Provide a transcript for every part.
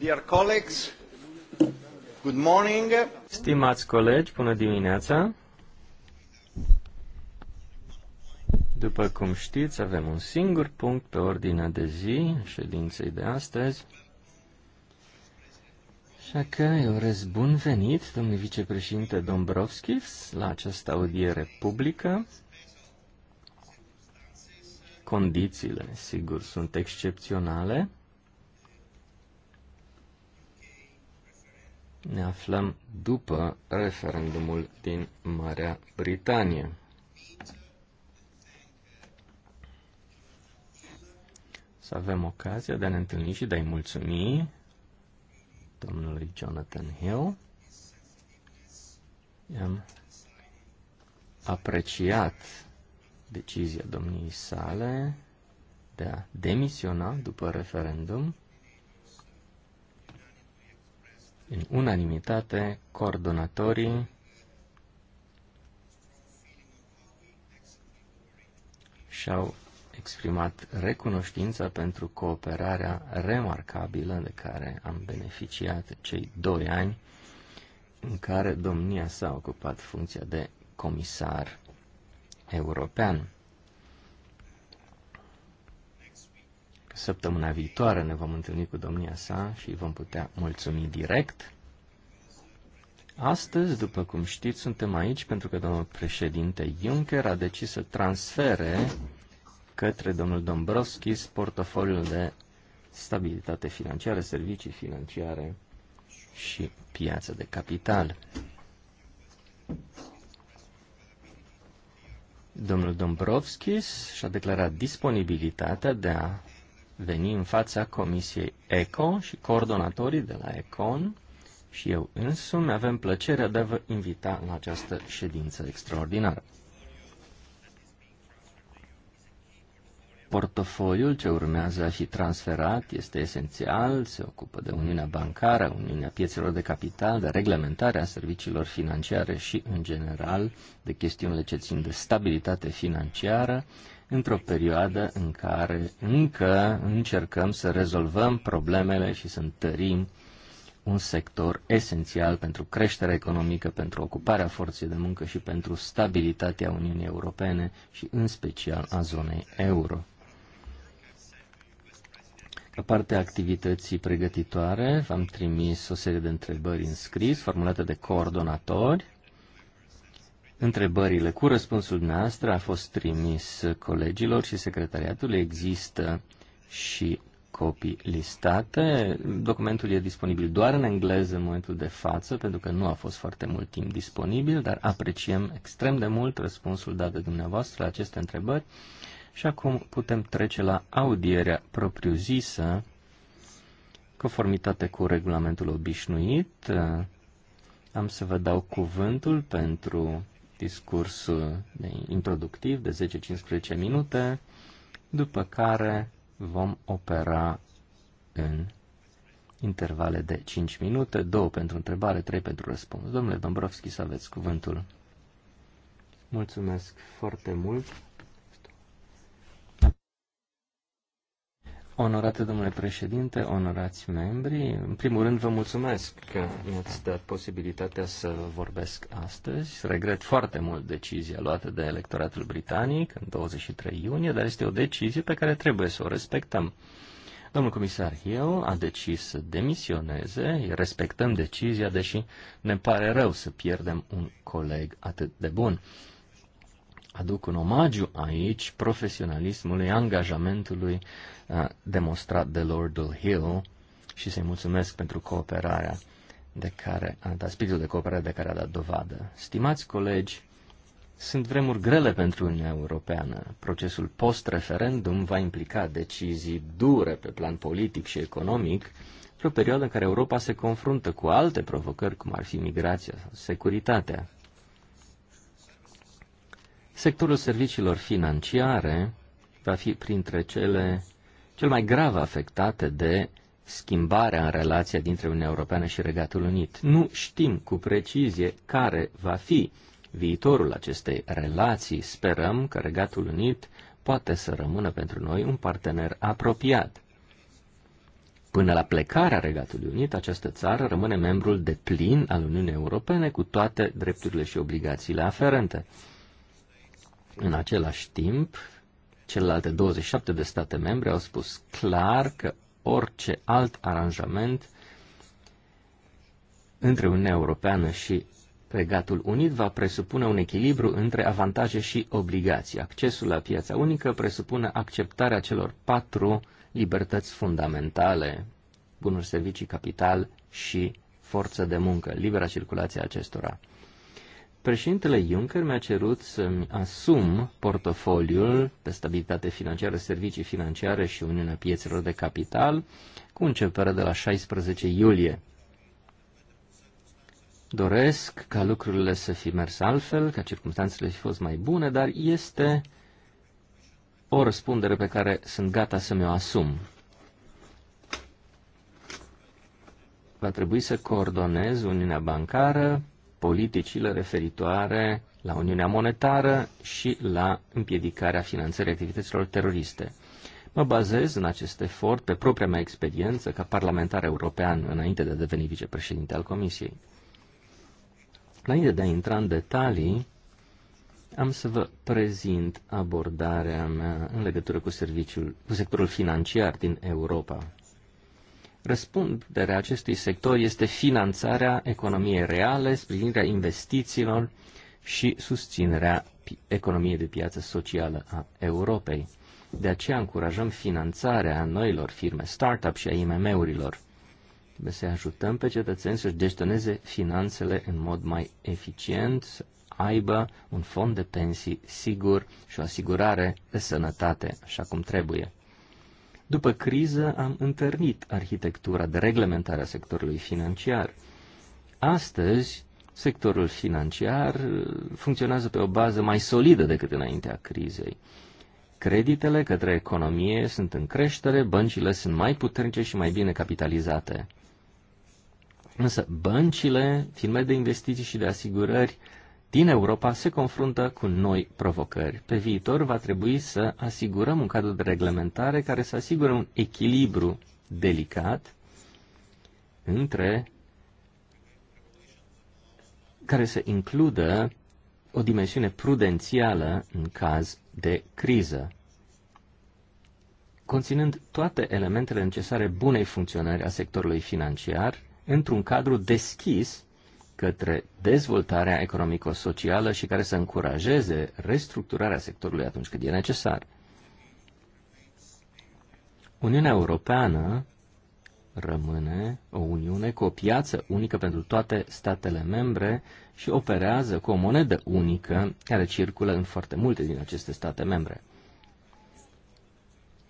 Dear colleagues, good morning. Stimați colegi, bună dimineața. După cum știți, avem un singur punct pe ordinea de zi ședinței de astăzi. Așa că eu urez bun venit, domnul vicepreședinte Dombrovskis, la această audiere publică. Condițiile, sigur, sunt excepționale. ne aflăm după referendumul din Marea Britanie. Să avem ocazia de a ne întâlni și de a-i mulțumi domnului Jonathan Hill. Am apreciat decizia domniei sale de a demisiona după referendum în unanimitate coordonatorii și-au exprimat recunoștința pentru cooperarea remarcabilă de care am beneficiat cei doi ani în care domnia s-a ocupat funcția de comisar european. Săptămâna viitoare ne vom întâlni cu domnia sa și vom putea mulțumi direct. Astăzi, după cum știți, suntem aici pentru că domnul președinte Juncker a decis să transfere către domnul Dombrovskis portofoliul de stabilitate financiară, servicii financiare și piață de capital. Domnul Dombrovskis și-a declarat disponibilitatea de a veni în fața Comisiei ECO și coordonatorii de la ECON și eu însumi avem plăcerea de a vă invita în această ședință extraordinară. Portofoliul ce urmează a fi transferat este esențial, se ocupă de Uniunea Bancară, Uniunea Piețelor de Capital, de reglementarea serviciilor financiare și, în general, de chestiunile ce țin de stabilitate financiară, într-o perioadă în care încă încercăm să rezolvăm problemele și să întărim un sector esențial pentru creșterea economică, pentru ocuparea forței de muncă și pentru stabilitatea Uniunii Europene și în special a zonei euro. Ca parte a activității pregătitoare, v-am trimis o serie de întrebări în scris formulate de coordonatori întrebările cu răspunsul dumneavoastră a fost trimis colegilor și secretariatului. Există și copii listate. Documentul e disponibil doar în engleză în momentul de față, pentru că nu a fost foarte mult timp disponibil, dar apreciem extrem de mult răspunsul dat de dumneavoastră la aceste întrebări. Și acum putem trece la audierea propriu-zisă, conformitate cu regulamentul obișnuit. Am să vă dau cuvântul pentru discurs introductiv de 10-15 minute, după care vom opera în intervale de 5 minute, 2 pentru întrebare, 3 pentru răspuns. Domnule Dombrovski, să aveți cuvântul. Mulțumesc foarte mult. Onorate domnule președinte, onorați membri, în primul rând vă mulțumesc că mi-ați dat posibilitatea să vorbesc astăzi. Regret foarte mult decizia luată de electoratul britanic în 23 iunie, dar este o decizie pe care trebuie să o respectăm. Domnul comisar Hill a decis să demisioneze, respectăm decizia, deși ne pare rău să pierdem un coleg atât de bun aduc un omagiu aici profesionalismului, angajamentului uh, demonstrat de Lordul Hill și să-i mulțumesc pentru cooperarea de care da spiritul de cooperare de care a dat dovadă. Stimați colegi, sunt vremuri grele pentru Uniunea Europeană. Procesul post-referendum va implica decizii dure pe plan politic și economic, într-o perioadă în care Europa se confruntă cu alte provocări, cum ar fi migrația sau securitatea. Sectorul serviciilor financiare va fi printre cele cel mai grav afectate de schimbarea în relația dintre Uniunea Europeană și Regatul Unit. Nu știm cu precizie care va fi viitorul acestei relații. Sperăm că Regatul Unit poate să rămână pentru noi un partener apropiat. Până la plecarea Regatului Unit, această țară rămâne membrul de plin al Uniunii Europene cu toate drepturile și obligațiile aferente. În același timp, celelalte 27 de state membre au spus clar că orice alt aranjament între Uniunea Europeană și Regatul Unit va presupune un echilibru între avantaje și obligații. Accesul la piața unică presupune acceptarea celor patru libertăți fundamentale, bunuri, servicii, capital și forță de muncă, libera circulație a acestora. Președintele Juncker mi-a cerut să-mi asum portofoliul de stabilitate financiară, servicii financiare și Uniunea Piețelor de Capital cu începere de la 16 iulie. Doresc ca lucrurile să fi mers altfel, ca circunstanțele să fi fost mai bune, dar este o răspundere pe care sunt gata să mi-o asum. Va trebui să coordonez Uniunea Bancară, politicile referitoare la Uniunea Monetară și la împiedicarea finanțării activităților teroriste. Mă bazez în acest efort pe propria mea experiență ca parlamentar european înainte de a deveni vicepreședinte al Comisiei. Înainte de a intra în detalii, am să vă prezint abordarea mea în legătură cu, serviciul, cu sectorul financiar din Europa. Răspunderea acestui sector este finanțarea economiei reale, sprijinirea investițiilor și susținerea economiei de piață socială a Europei. De aceea încurajăm finanțarea noilor firme startup și a IMM-urilor. Trebuie să ajutăm pe cetățeni să-și gestioneze finanțele în mod mai eficient, să aibă un fond de pensii sigur și o asigurare de sănătate, așa cum trebuie. După criză am întărnit arhitectura de reglementare a sectorului financiar. Astăzi, sectorul financiar uh, funcționează pe o bază mai solidă decât înaintea crizei. Creditele către economie sunt în creștere, băncile sunt mai puternice și mai bine capitalizate. Însă băncile, firme de investiții și de asigurări din Europa se confruntă cu noi provocări. Pe viitor va trebui să asigurăm un cadru de reglementare care să asigure un echilibru delicat între care să includă o dimensiune prudențială în caz de criză, conținând toate elementele necesare bunei funcționări a sectorului financiar într-un cadru deschis către dezvoltarea economico-socială și care să încurajeze restructurarea sectorului atunci când e necesar. Uniunea Europeană rămâne o uniune cu o piață unică pentru toate statele membre și operează cu o monedă unică care circulă în foarte multe din aceste state membre.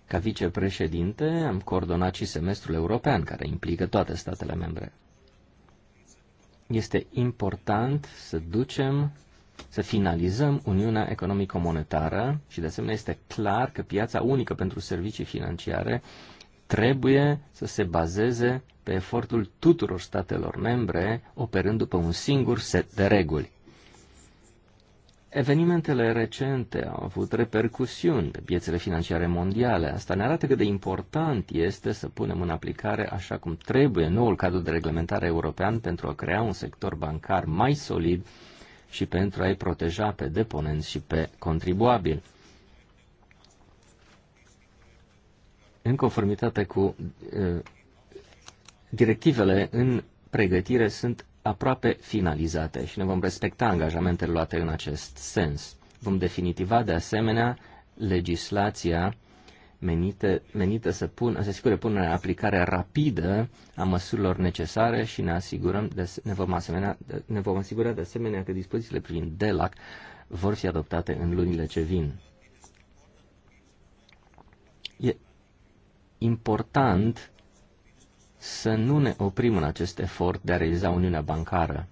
Ca vicepreședinte am coordonat și semestrul european care implică toate statele membre este important să ducem, să finalizăm Uniunea Economico-Monetară și de asemenea este clar că piața unică pentru servicii financiare trebuie să se bazeze pe efortul tuturor statelor membre, operând după un singur set de reguli. Evenimentele recente au avut repercusiuni pe piețele financiare mondiale. Asta ne arată cât de important este să punem în aplicare așa cum trebuie noul cadru de reglementare european pentru a crea un sector bancar mai solid și pentru a-i proteja pe deponenți și pe contribuabili. În conformitate cu uh, directivele în pregătire sunt aproape finalizate și ne vom respecta angajamentele luate în acest sens. Vom definitiva, de asemenea, legislația menite, menită să, pun, să asigure punerea în aplicare rapidă a măsurilor necesare și ne, asigurăm de, ne, vom asemenea, ne vom asigura de asemenea că dispozițiile privind DELAC vor fi adoptate în lunile ce vin. E important să nu ne oprim în acest efort de a realiza Uniunea Bancară.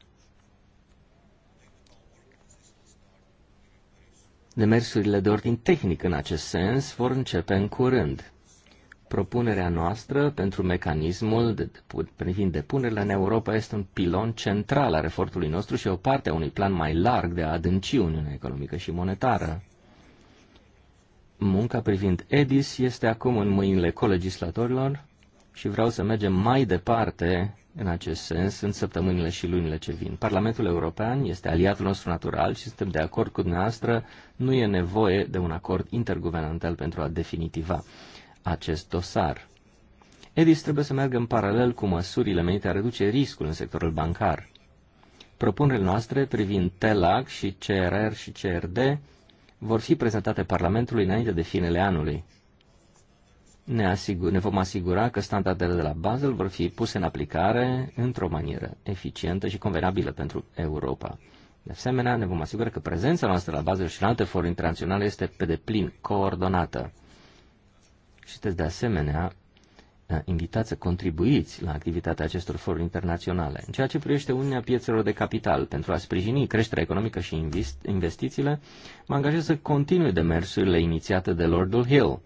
Demersurile de ordin tehnic în acest sens vor începe în curând. Propunerea noastră pentru mecanismul de, privind depunerile în Europa este un pilon central al efortului nostru și o parte a unui plan mai larg de a adânci Uniunea Economică și Monetară. Munca privind EDIS este acum în mâinile colegislatorilor și vreau să mergem mai departe în acest sens în săptămânile și lunile ce vin. Parlamentul European este aliatul nostru natural și suntem de acord cu dumneavoastră, nu e nevoie de un acord interguvernamental pentru a definitiva acest dosar. EDIS trebuie să meargă în paralel cu măsurile menite a reduce riscul în sectorul bancar. Propunerile noastre privind TELAC și CRR și CRD vor fi prezentate Parlamentului înainte de finele anului ne, asigur, ne vom asigura că standardele de la Basel vor fi puse în aplicare într-o manieră eficientă și convenabilă pentru Europa. De asemenea, ne vom asigura că prezența noastră la Basel și în alte foruri internaționale este pe deplin coordonată. Și sunteți de asemenea eh, invitați să contribuiți la activitatea acestor foruri internaționale. În ceea ce privește Uniunea Piețelor de Capital, pentru a sprijini creșterea economică și investițiile, mă angajez să continui demersurile inițiate de Lordul Hill –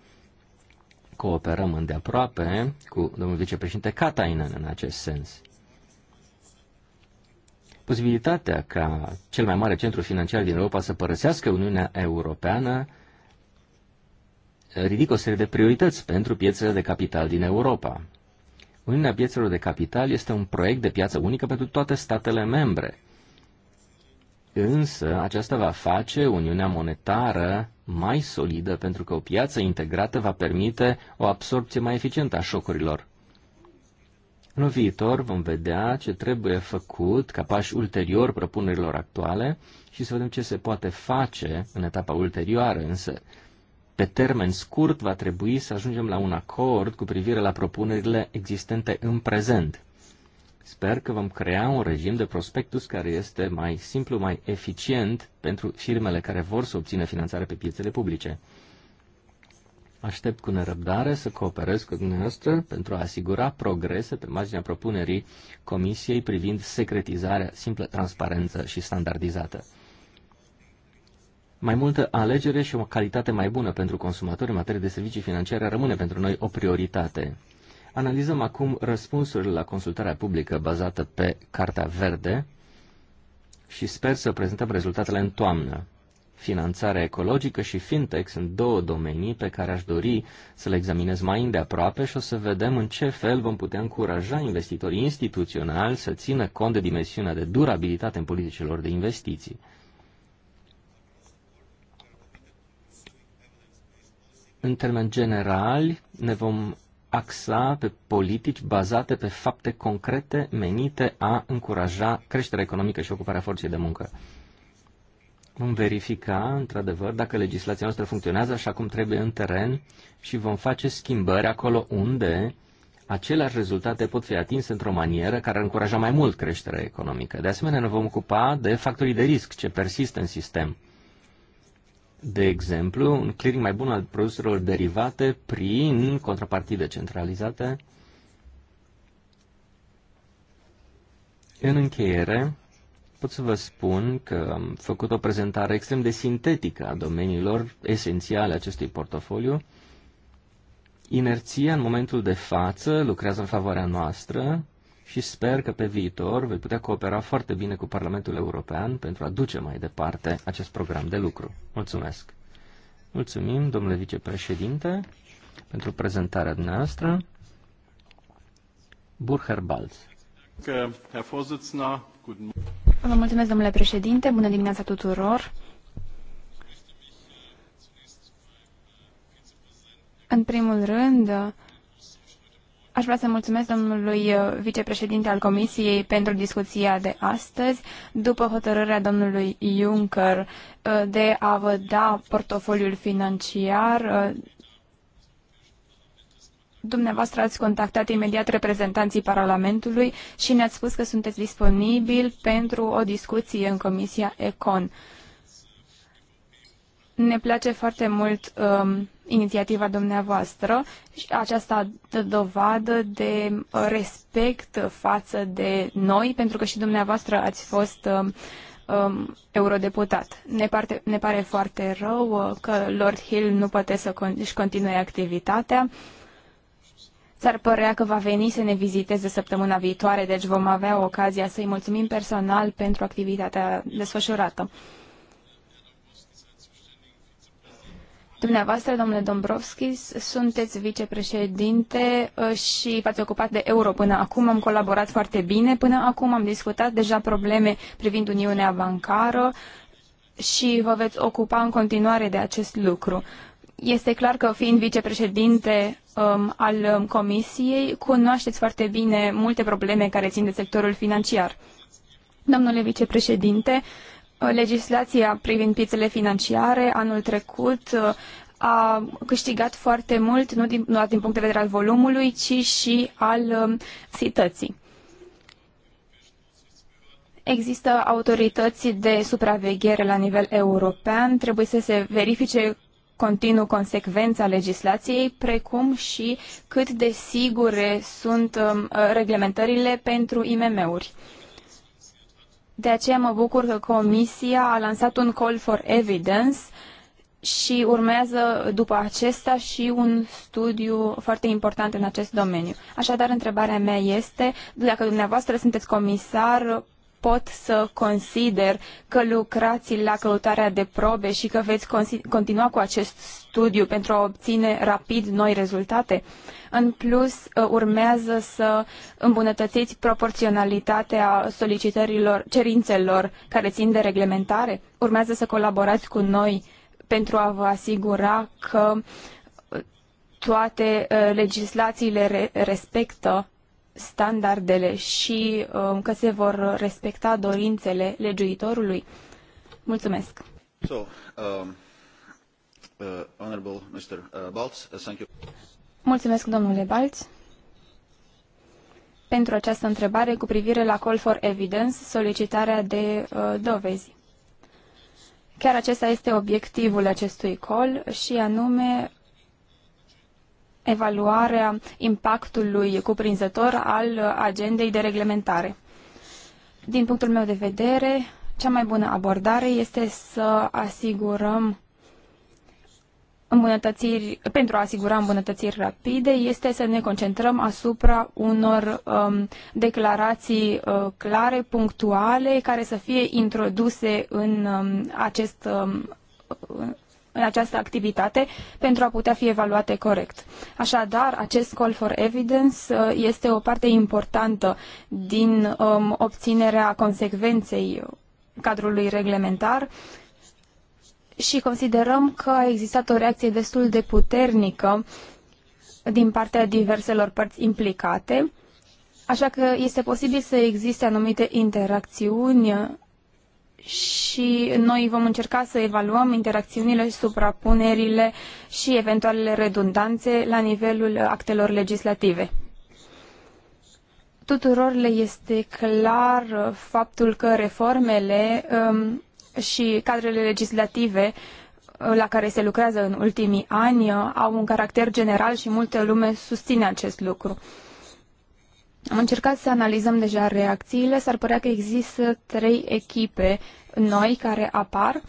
Cooperăm îndeaproape cu domnul vicepreședinte Katainen în acest sens. Posibilitatea ca cel mai mare centru financiar din Europa să părăsească Uniunea Europeană ridică o serie de priorități pentru piețele de capital din Europa. Uniunea Piețelor de Capital este un proiect de piață unică pentru toate statele membre. Însă, aceasta va face Uniunea Monetară mai solidă, pentru că o piață integrată va permite o absorpție mai eficientă a șocurilor. În viitor vom vedea ce trebuie făcut ca pași ulterior propunerilor actuale și să vedem ce se poate face în etapa ulterioară, însă pe termen scurt va trebui să ajungem la un acord cu privire la propunerile existente în prezent. Sper că vom crea un regim de prospectus care este mai simplu, mai eficient pentru firmele care vor să obțină finanțare pe piețele publice. Aștept cu nerăbdare să cooperez cu dumneavoastră pentru a asigura progrese pe marginea propunerii Comisiei privind secretizarea simplă, transparență și standardizată. Mai multă alegere și o calitate mai bună pentru consumatori în materie de servicii financiare rămâne pentru noi o prioritate. Analizăm acum răspunsurile la consultarea publică bazată pe Cartea Verde și sper să prezentăm rezultatele în toamnă. Finanțarea ecologică și fintech sunt două domenii pe care aș dori să le examinez mai îndeaproape și o să vedem în ce fel vom putea încuraja investitorii instituționali să țină cont de dimensiunea de durabilitate în politicilor de investiții. În termeni generali, ne vom axa pe politici bazate pe fapte concrete menite a încuraja creșterea economică și ocuparea forței de muncă. Vom verifica, într-adevăr, dacă legislația noastră funcționează așa cum trebuie în teren și vom face schimbări acolo unde aceleași rezultate pot fi atinse într-o manieră care ar încuraja mai mult creșterea economică. De asemenea, ne vom ocupa de factorii de risc ce persistă în sistem de exemplu, un clearing mai bun al produselor derivate prin contrapartide centralizate. În încheiere, pot să vă spun că am făcut o prezentare extrem de sintetică a domeniilor esențiale acestui portofoliu. Inerția în momentul de față lucrează în favoarea noastră, și sper că pe viitor vei putea coopera foarte bine cu Parlamentul European pentru a duce mai departe acest program de lucru. Mulțumesc! Mulțumim, domnule vicepreședinte, pentru prezentarea dumneavoastră. Burher Balz. Vă mulțumesc, domnule președinte. Bună dimineața tuturor. În primul rând, Aș vrea să mulțumesc domnului uh, vicepreședinte al Comisiei pentru discuția de astăzi, după hotărârea domnului Juncker uh, de a vă da portofoliul financiar. Uh, dumneavoastră ați contactat imediat reprezentanții Parlamentului și ne-ați spus că sunteți disponibil pentru o discuție în Comisia Econ. Ne place foarte mult um, inițiativa dumneavoastră și aceasta dă dovadă de uh, respect față de noi, pentru că și dumneavoastră ați fost uh, um, eurodeputat. Ne, parte, ne pare foarte rău uh, că Lord Hill nu poate să con- își continue activitatea. S-ar părea că va veni să ne viziteze săptămâna viitoare, deci vom avea ocazia să-i mulțumim personal pentru activitatea desfășurată. Dumneavoastră, domnule Dombrovskis, sunteți vicepreședinte uh, și v-ați ocupat de euro până acum. Am colaborat foarte bine până acum. Am discutat deja probleme privind Uniunea Bancară și vă veți ocupa în continuare de acest lucru. Este clar că fiind vicepreședinte um, al Comisiei, cunoașteți foarte bine multe probleme care țin de sectorul financiar. Domnule vicepreședinte, uh, legislația privind piețele financiare anul trecut uh, a câștigat foarte mult, nu, din, nu din punct de vedere al volumului, ci și al um, sității. Există autorități de supraveghere la nivel european, trebuie să se verifice continuu consecvența legislației, precum și cât de sigure sunt um, reglementările pentru IMM-uri. De aceea mă bucur că Comisia a lansat un call for evidence și urmează după acesta și un studiu foarte important în acest domeniu. Așadar, întrebarea mea este dacă dumneavoastră sunteți comisar pot să consider că lucrați la căutarea de probe și că veți continua cu acest studiu pentru a obține rapid noi rezultate? În plus, uh, urmează să îmbunătățiți proporționalitatea solicitărilor, cerințelor care țin de reglementare? Urmează să colaborați cu noi pentru a vă asigura că uh, toate uh, legislațiile respectă standardele și uh, că se vor respecta dorințele legiuitorului? Mulțumesc! So, um, uh, honorable Mr. Uh, Baltz, uh, thank you. Mulțumesc, domnule Baltz pentru această întrebare cu privire la Call for Evidence, solicitarea de uh, dovezi. Chiar acesta este obiectivul acestui call și anume evaluarea impactului cuprinzător al agendei de reglementare. Din punctul meu de vedere, cea mai bună abordare este să asigurăm îmbunătățiri, pentru a asigura îmbunătățiri rapide, este să ne concentrăm asupra unor um, declarații uh, clare, punctuale, care să fie introduse în um, acest um, în această activitate pentru a putea fi evaluate corect. Așadar, acest call for evidence uh, este o parte importantă din um, obținerea consecvenței cadrului reglementar și considerăm că a existat o reacție destul de puternică din partea diverselor părți implicate, așa că este posibil să existe anumite interacțiuni și noi vom încerca să evaluăm interacțiunile și suprapunerile și eventualele redundanțe la nivelul actelor legislative. Tuturor le este clar faptul că reformele um, și cadrele legislative uh, la care se lucrează în ultimii ani uh, au un caracter general și multă lume susține acest lucru. Am încercat să analizăm deja reacțiile. S-ar părea că există trei echipe noi care apar.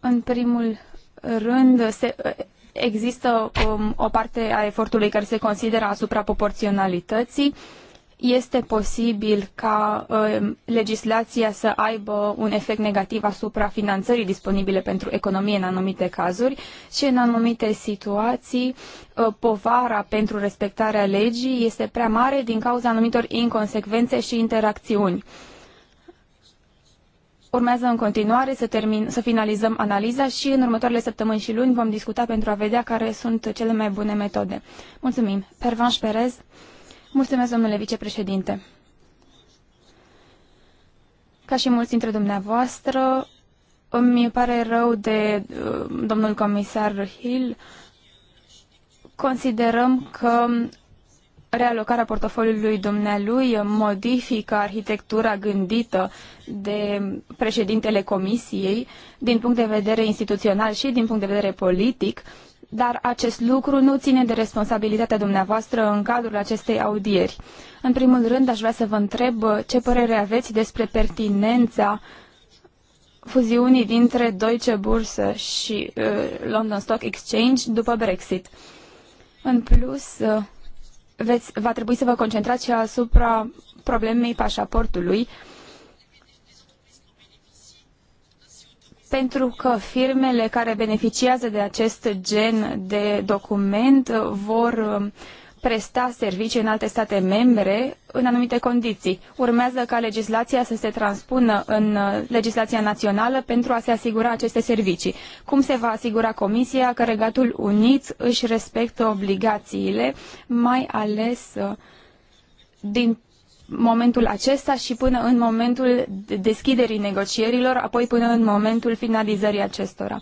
În primul rând, se, există um, o parte a efortului care se consideră asupra proporționalității. Uh, este posibil ca uh, legislația să aibă un efect negativ asupra finanțării disponibile pentru economie în anumite cazuri și în anumite situații uh, povara pentru respectarea legii este prea mare din cauza anumitor inconsecvențe și interacțiuni. Urmează în continuare să, termin, să finalizăm analiza și în următoarele săptămâni și luni vom discuta pentru a vedea care sunt cele mai bune metode. Mulțumim. Pervanș Perez. Mulțumesc, domnule vicepreședinte. Ca și mulți dintre dumneavoastră, îmi pare rău de uh, domnul comisar Hill. Considerăm că realocarea portofoliului dumnealui modifică arhitectura gândită de președintele comisiei din punct de vedere instituțional și din punct de vedere politic. Uh, dar acest lucru nu ține de responsabilitatea dumneavoastră în cadrul acestei audieri. În primul rând, aș vrea să vă întreb uh, ce părere aveți despre pertinența fuziunii dintre Deutsche Börse și uh, London Stock Exchange după Brexit. În plus, uh, veți, va trebui să vă concentrați și asupra problemei pașaportului uh, pentru că firmele care beneficiază de acest gen de document vor um, presta servicii în alte state membre în anumite condiții. Urmează ca legislația să se transpună în uh, legislația națională pentru a se asigura aceste servicii. Cum se va asigura Comisia că Regatul Unit își respectă obligațiile, mai ales uh, din momentul acesta și până în momentul deschiderii negocierilor, apoi până în momentul finalizării acestora.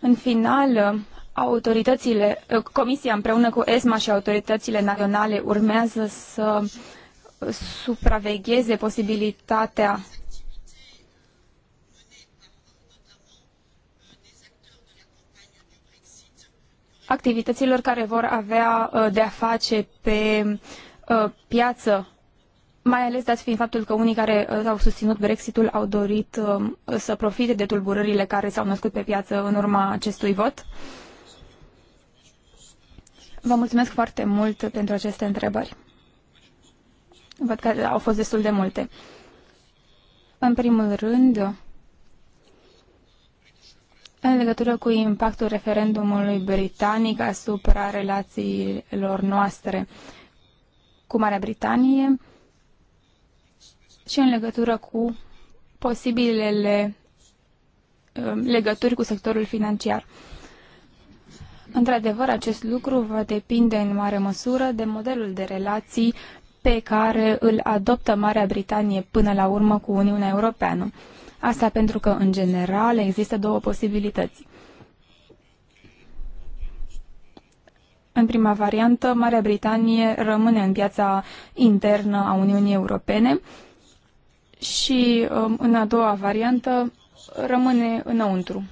În final, autoritățile, Comisia împreună cu ESMA și autoritățile naționale urmează să supravegheze posibilitatea activităților care vor avea uh, de a face pe uh, piață, mai ales dat fiind faptul că unii care uh, au susținut Brexitul au dorit uh, să profite de tulburările care s-au născut pe piață în urma acestui vot. Vă mulțumesc foarte mult pentru aceste întrebări. Văd că au fost destul de multe. În primul rând, în legătură cu impactul referendumului britanic asupra relațiilor noastre. Uh, cu Marea Britanie și în legătură cu posibilele um, legături cu sectorul financiar. Într-adevăr, acest lucru va depinde în mare măsură de modelul de relații pe care îl adoptă Marea Britanie până la urmă cu Uniunea Europeană. Asta pentru că, în general, există două posibilități. În prima variantă, Marea Britanie rămâne în piața internă a Uniunii Europene și um, în a doua variantă rămâne înăuntru.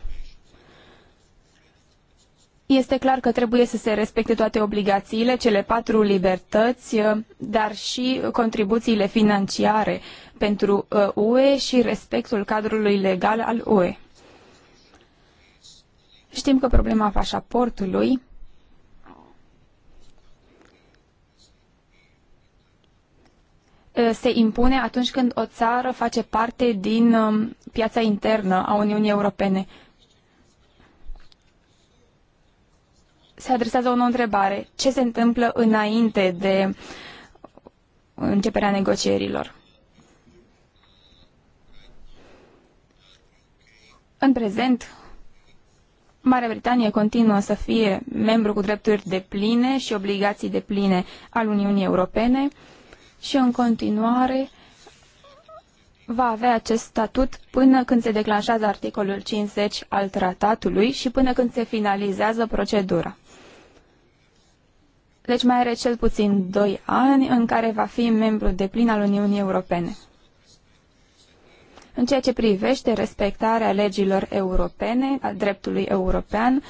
Este clar că trebuie să se respecte toate obligațiile, cele patru libertăți, uh, dar și contribuțiile financiare pentru uh, UE și respectul cadrului legal al UE. Știm că problema pașaportului Uh, se impune atunci când o țară face parte din um, piața internă a Uniunii Europene. Se adresează o nouă întrebare. Ce se întâmplă înainte de începerea negocierilor? În prezent, Marea Britanie continuă să fie membru cu drepturi de pline și obligații de pline al Uniunii Europene și în continuare va avea acest statut până când se declanșează articolul 50 al tratatului și până când se finalizează procedura. Deci mai are cel puțin 2 ani în care va fi membru deplin al Uniunii Europene. În ceea ce privește respectarea legilor europene, a dreptului european,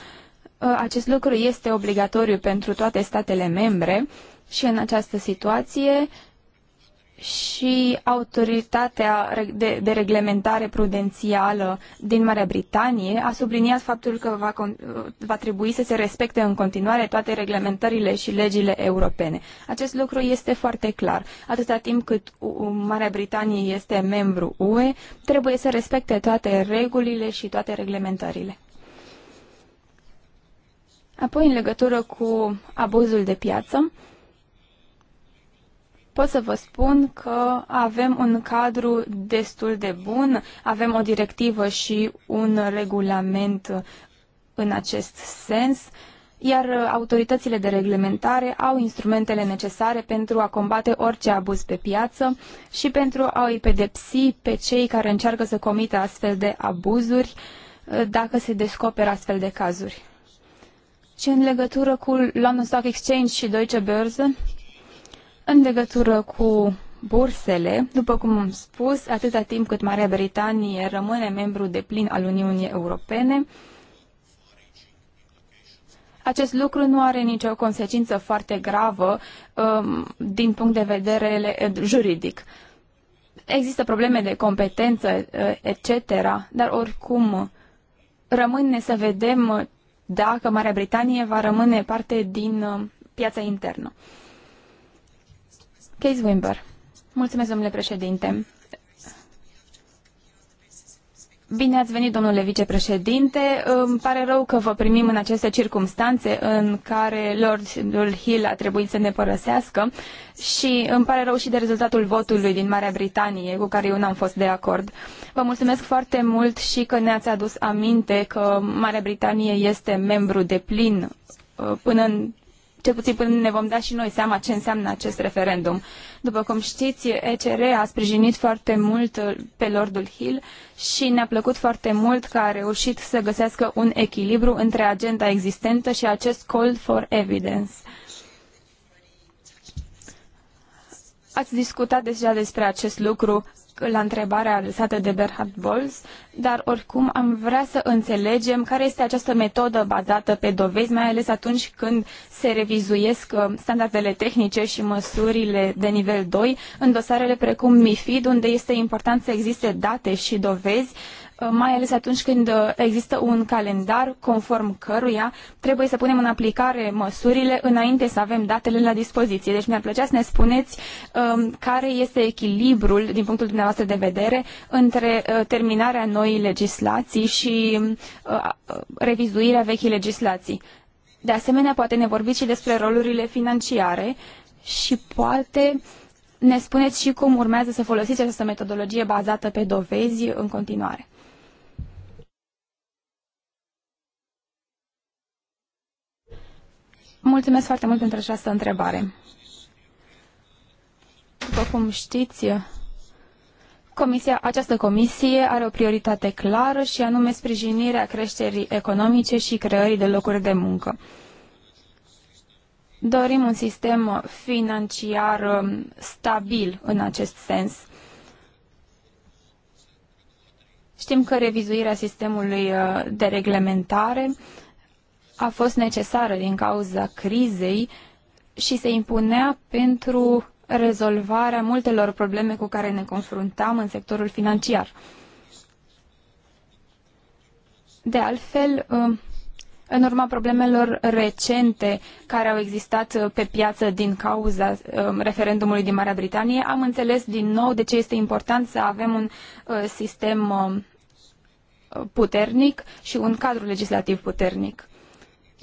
acest lucru este obligatoriu pentru toate statele membre și în această situație și autoritatea de, de reglementare prudențială din Marea Britanie a subliniat faptul că va, va trebui să se respecte în continuare toate reglementările și legile europene. Acest lucru este foarte clar. Atâta timp cât Marea Britanie este membru UE, trebuie să respecte toate regulile și toate reglementările. Apoi, în legătură cu abuzul de piață, pot să vă spun că avem un cadru destul de bun, avem o directivă și un regulament în acest sens, iar autoritățile de reglementare au instrumentele necesare pentru a combate orice abuz pe piață și pentru a îi pedepsi pe cei care încearcă să comită astfel de abuzuri dacă se descoperă astfel de cazuri. Și în legătură cu London Stock Exchange și Deutsche Börse, în legătură cu bursele, după cum am spus, atâta timp cât Marea Britanie rămâne membru de plin al Uniunii Europene, acest lucru nu are nicio consecință foarte gravă um, din punct de vedere juridic. Există probleme de competență, uh, etc., dar oricum rămâne să vedem dacă Marea Britanie va rămâne parte din uh, piața internă. Case Wimber. Mulțumesc, domnule președinte. Bine ați venit, domnule vicepreședinte. Îmi pare rău că vă primim în aceste circumstanțe în care Lord Hill a trebuit să ne părăsească și îmi pare rău și de rezultatul votului din Marea Britanie, cu care eu n-am fost de acord. Vă mulțumesc foarte mult și că ne-ați adus aminte că Marea Britanie este membru de plin uh, până în cel puțin până ne vom da și noi seama ce înseamnă acest referendum. După cum știți, ECR a sprijinit foarte mult uh, pe Lordul Hill și ne-a plăcut foarte mult că a reușit să găsească un echilibru între agenda existentă și acest call for evidence. Ați discutat deja despre acest lucru la întrebarea adresată de Berhard Bolz, dar oricum am vrea să înțelegem care este această metodă bazată pe dovezi, mai ales atunci când se revizuiesc uh, standardele tehnice și măsurile de nivel 2 în dosarele precum MIFID, unde este important să existe date și dovezi Uh, mai ales atunci când uh, există un calendar conform căruia trebuie să punem în aplicare măsurile înainte să avem datele la dispoziție. Deci mi-ar plăcea să ne spuneți um, care este echilibrul din punctul dumneavoastră de vedere între uh, terminarea noii legislații și um, revizuirea vechii legislații. De asemenea, poate ne vorbiți și despre rolurile financiare și poate ne spuneți și cum urmează să folosiți această metodologie bazată pe dovezi în continuare. Mulțumesc foarte mult pentru această întrebare. După cum știți, comisia, această comisie are o prioritate clară și anume sprijinirea creșterii economice și creării de locuri de muncă. Dorim un sistem financiar um, stabil în acest sens. Știm că revizuirea sistemului uh, de reglementare a fost necesară din cauza crizei și se impunea pentru rezolvarea multelor probleme cu care ne confruntam în sectorul financiar. De altfel, um, în urma problemelor recente care au existat uh, pe piață din cauza um, referendumului din Marea Britanie, am înțeles din nou de ce este important să avem un uh, sistem um, puternic și un cadru legislativ puternic.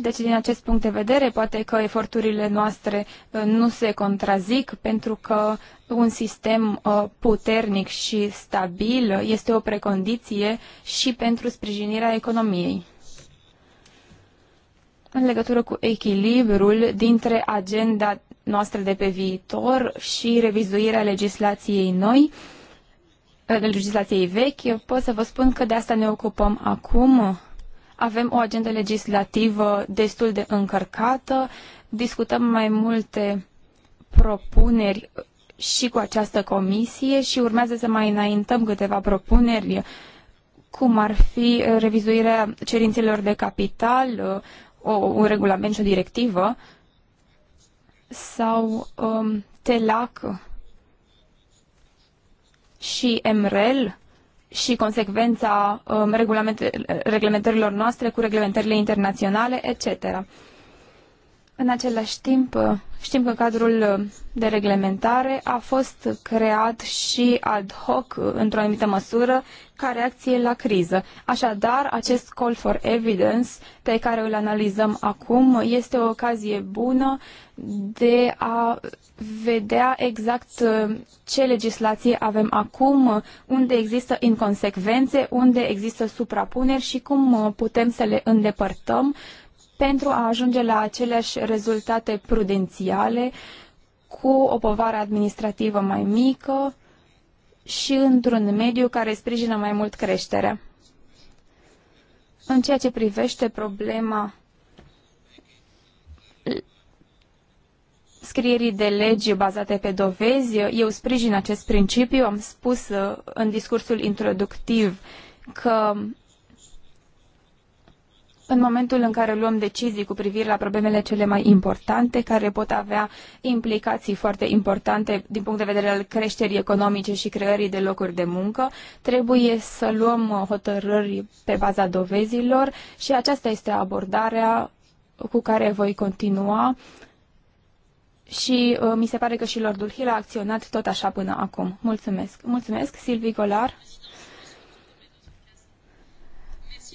Deci, din acest punct de vedere, poate că eforturile noastre uh, nu se contrazic, pentru că un sistem uh, puternic și stabil este o precondiție și pentru sprijinirea economiei. În legătură cu echilibrul dintre agenda noastră de pe viitor și revizuirea legislației noi, uh, legislației vechi, pot să vă spun că de asta ne ocupăm acum avem o agendă legislativă destul de încărcată, discutăm mai multe propuneri și cu această comisie și urmează să mai înaintăm câteva propuneri, cum ar fi revizuirea cerințelor de capital, o, un regulament și o directivă, sau um, TELAC și MREL, și consecvența um, reglementărilor noastre cu reglementările internaționale, etc. În același timp, știm că cadrul de reglementare a fost creat și ad hoc, într-o anumită măsură, ca reacție la criză. Așadar, acest call for evidence pe care îl analizăm acum este o ocazie bună uh, de a vedea exact uh, ce legislație avem acum, unde există inconsecvențe, unde există suprapuneri și cum uh, putem să le îndepărtăm pentru a ajunge la aceleași rezultate prudențiale cu o povară administrativă mai mică și într-un mediu care sprijină mai mult creșterea. În ceea ce privește problema scrierii de legi bazate pe dovezi. Eu sprijin acest principiu. Am spus uh, în discursul introductiv că în momentul în care luăm decizii cu privire la problemele cele mai importante, care pot avea implicații foarte importante din punct de vedere al creșterii economice și creării de locuri de muncă, trebuie să luăm uh, hotărâri pe baza dovezilor și aceasta este abordarea cu care voi continua și uh, mi se pare că și Lordul Hill a acționat tot așa până acum. Mulțumesc. Mulțumesc, Silvi Golar.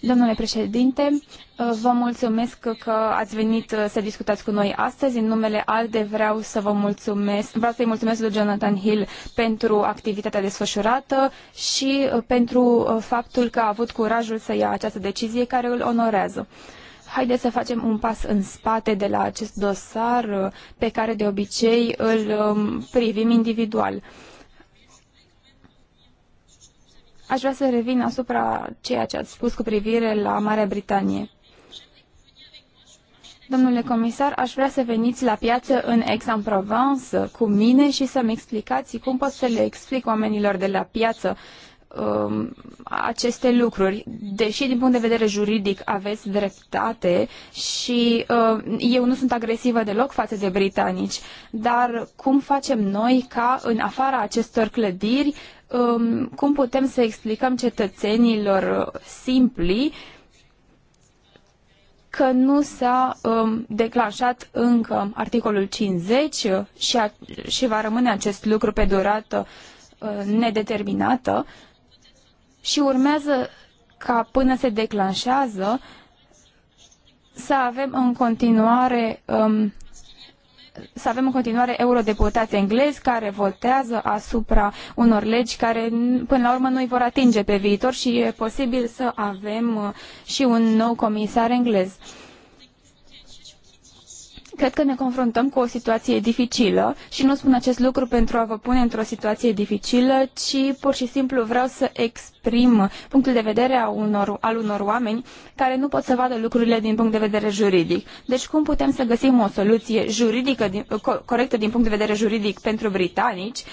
Domnule președinte, uh, vă mulțumesc că ați venit uh, să discutați cu noi astăzi. În numele ALDE vreau să vă mulțumesc, vreau să-i mulțumesc lui Jonathan Hill pentru activitatea desfășurată și uh, pentru faptul că a avut curajul să ia această decizie care îl onorează haideți să facem un pas în spate de la acest dosar uh, pe care de obicei îl um, privim individual. Aș vrea să revin asupra ceea ce ați spus cu privire la Marea Britanie. Domnule comisar, aș vrea să veniți la piață în Aix-en-Provence cu mine și să-mi explicați cum pot să le explic oamenilor de la piață Um, aceste lucruri. Deși din punct de vedere juridic aveți dreptate și uh, eu nu sunt agresivă deloc față de britanici, dar cum facem noi ca în afara acestor clădiri, um, cum putem să explicăm cetățenilor simpli că nu s-a um, declanșat încă articolul 50 și, a, și va rămâne acest lucru pe durată uh, nedeterminată, uh, și urmează ca până se declanșează să avem în continuare um, să avem în continuare eurodeputați englezi care votează asupra unor legi care până la urmă nu îi vor atinge pe viitor și e posibil să avem uh, și un nou comisar englez. Uh, Cred că ne confruntăm cu o situație dificilă și nu spun acest lucru pentru a vă pune într-o situație dificilă, ci pur și simplu vreau să exprim punctul de vedere a unor, al unor oameni care nu pot să vadă lucrurile din punct de vedere juridic. Deci cum putem să găsim o soluție juridică, corectă din punct de vedere juridic pentru britanici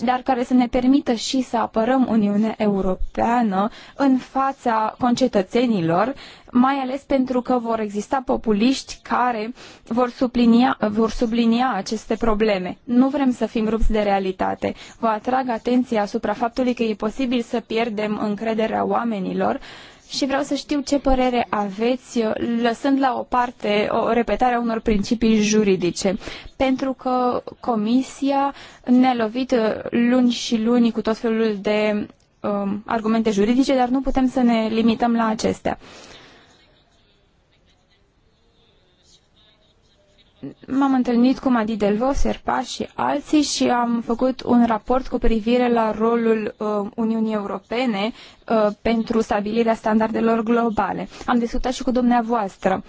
dar care să ne permită și să apărăm Uniunea Europeană în fața concetățenilor, mai ales pentru că vor exista populiști care vor sublinia, vor sublinia aceste probleme. Nu vrem să fim rupți de realitate. Vă atrag atenția asupra faptului că e posibil să pierdem încrederea oamenilor și vreau să știu ce părere aveți, uh, lăsând la o parte o repetare a unor principii juridice. Pentru că Comisia ne-a lovit uh, luni și luni cu tot felul de um, argumente juridice, dar nu putem să ne limităm la acestea. Uh, m-am întâlnit cu Madi Delvo, Serpa și alții și am făcut un raport cu privire la rolul uh, Uniunii Europene uh, pentru stabilirea standardelor globale. Am discutat și cu dumneavoastră.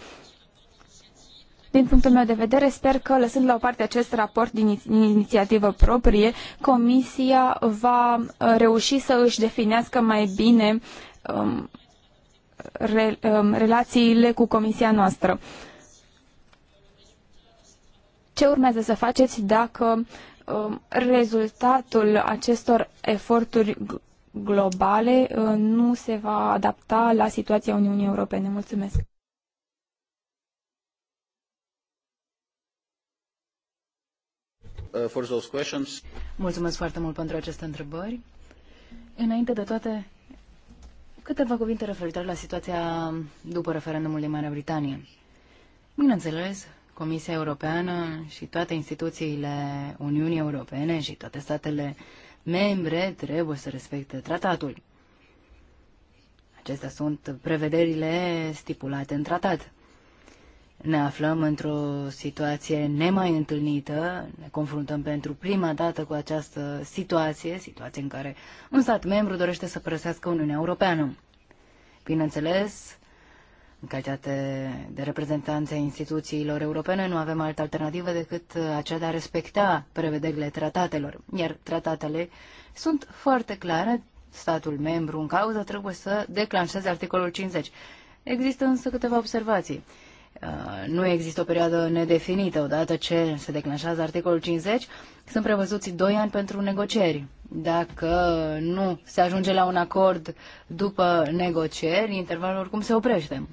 Din punctul meu de vedere, sper că, lăsând la o parte acest raport din inițiativă proprie, Comisia va uh, reuși să își definească mai bine um, re, um, relațiile cu Comisia noastră. Uh, ce urmează să faceți dacă um, rezultatul acestor eforturi globale uh, nu se va adapta la situația Uniunii Europene. Mulțumesc! Uh, for those questions. Mulțumesc foarte mult pentru aceste întrebări. Înainte de toate, câteva cuvinte referitoare la situația după referendumul din Marea Britanie. Bineînțeles, Comisia Europeană și toate instituțiile Uniunii Europene și toate statele membre trebuie să respecte tratatul. Acestea sunt prevederile stipulate în tratat. Ne aflăm într-o situație nemai întâlnită, ne confruntăm pentru prima dată cu această situație, situație în care un stat membru dorește să părăsească Uniunea Europeană. Bineînțeles, în calitate de reprezentanțe a instituțiilor europene, nu avem altă alternativă decât aceea de a respecta prevederile tratatelor. Iar tratatele sunt foarte clare, statul membru în cauză trebuie să declanșeze articolul 50. Există însă câteva observații. Uh, nu există o perioadă nedefinită. Odată ce se declanșează articolul 50, sunt prevăzuți 2 ani pentru negocieri. Dacă nu se ajunge la un acord după negocieri, intervalul oricum se oprește.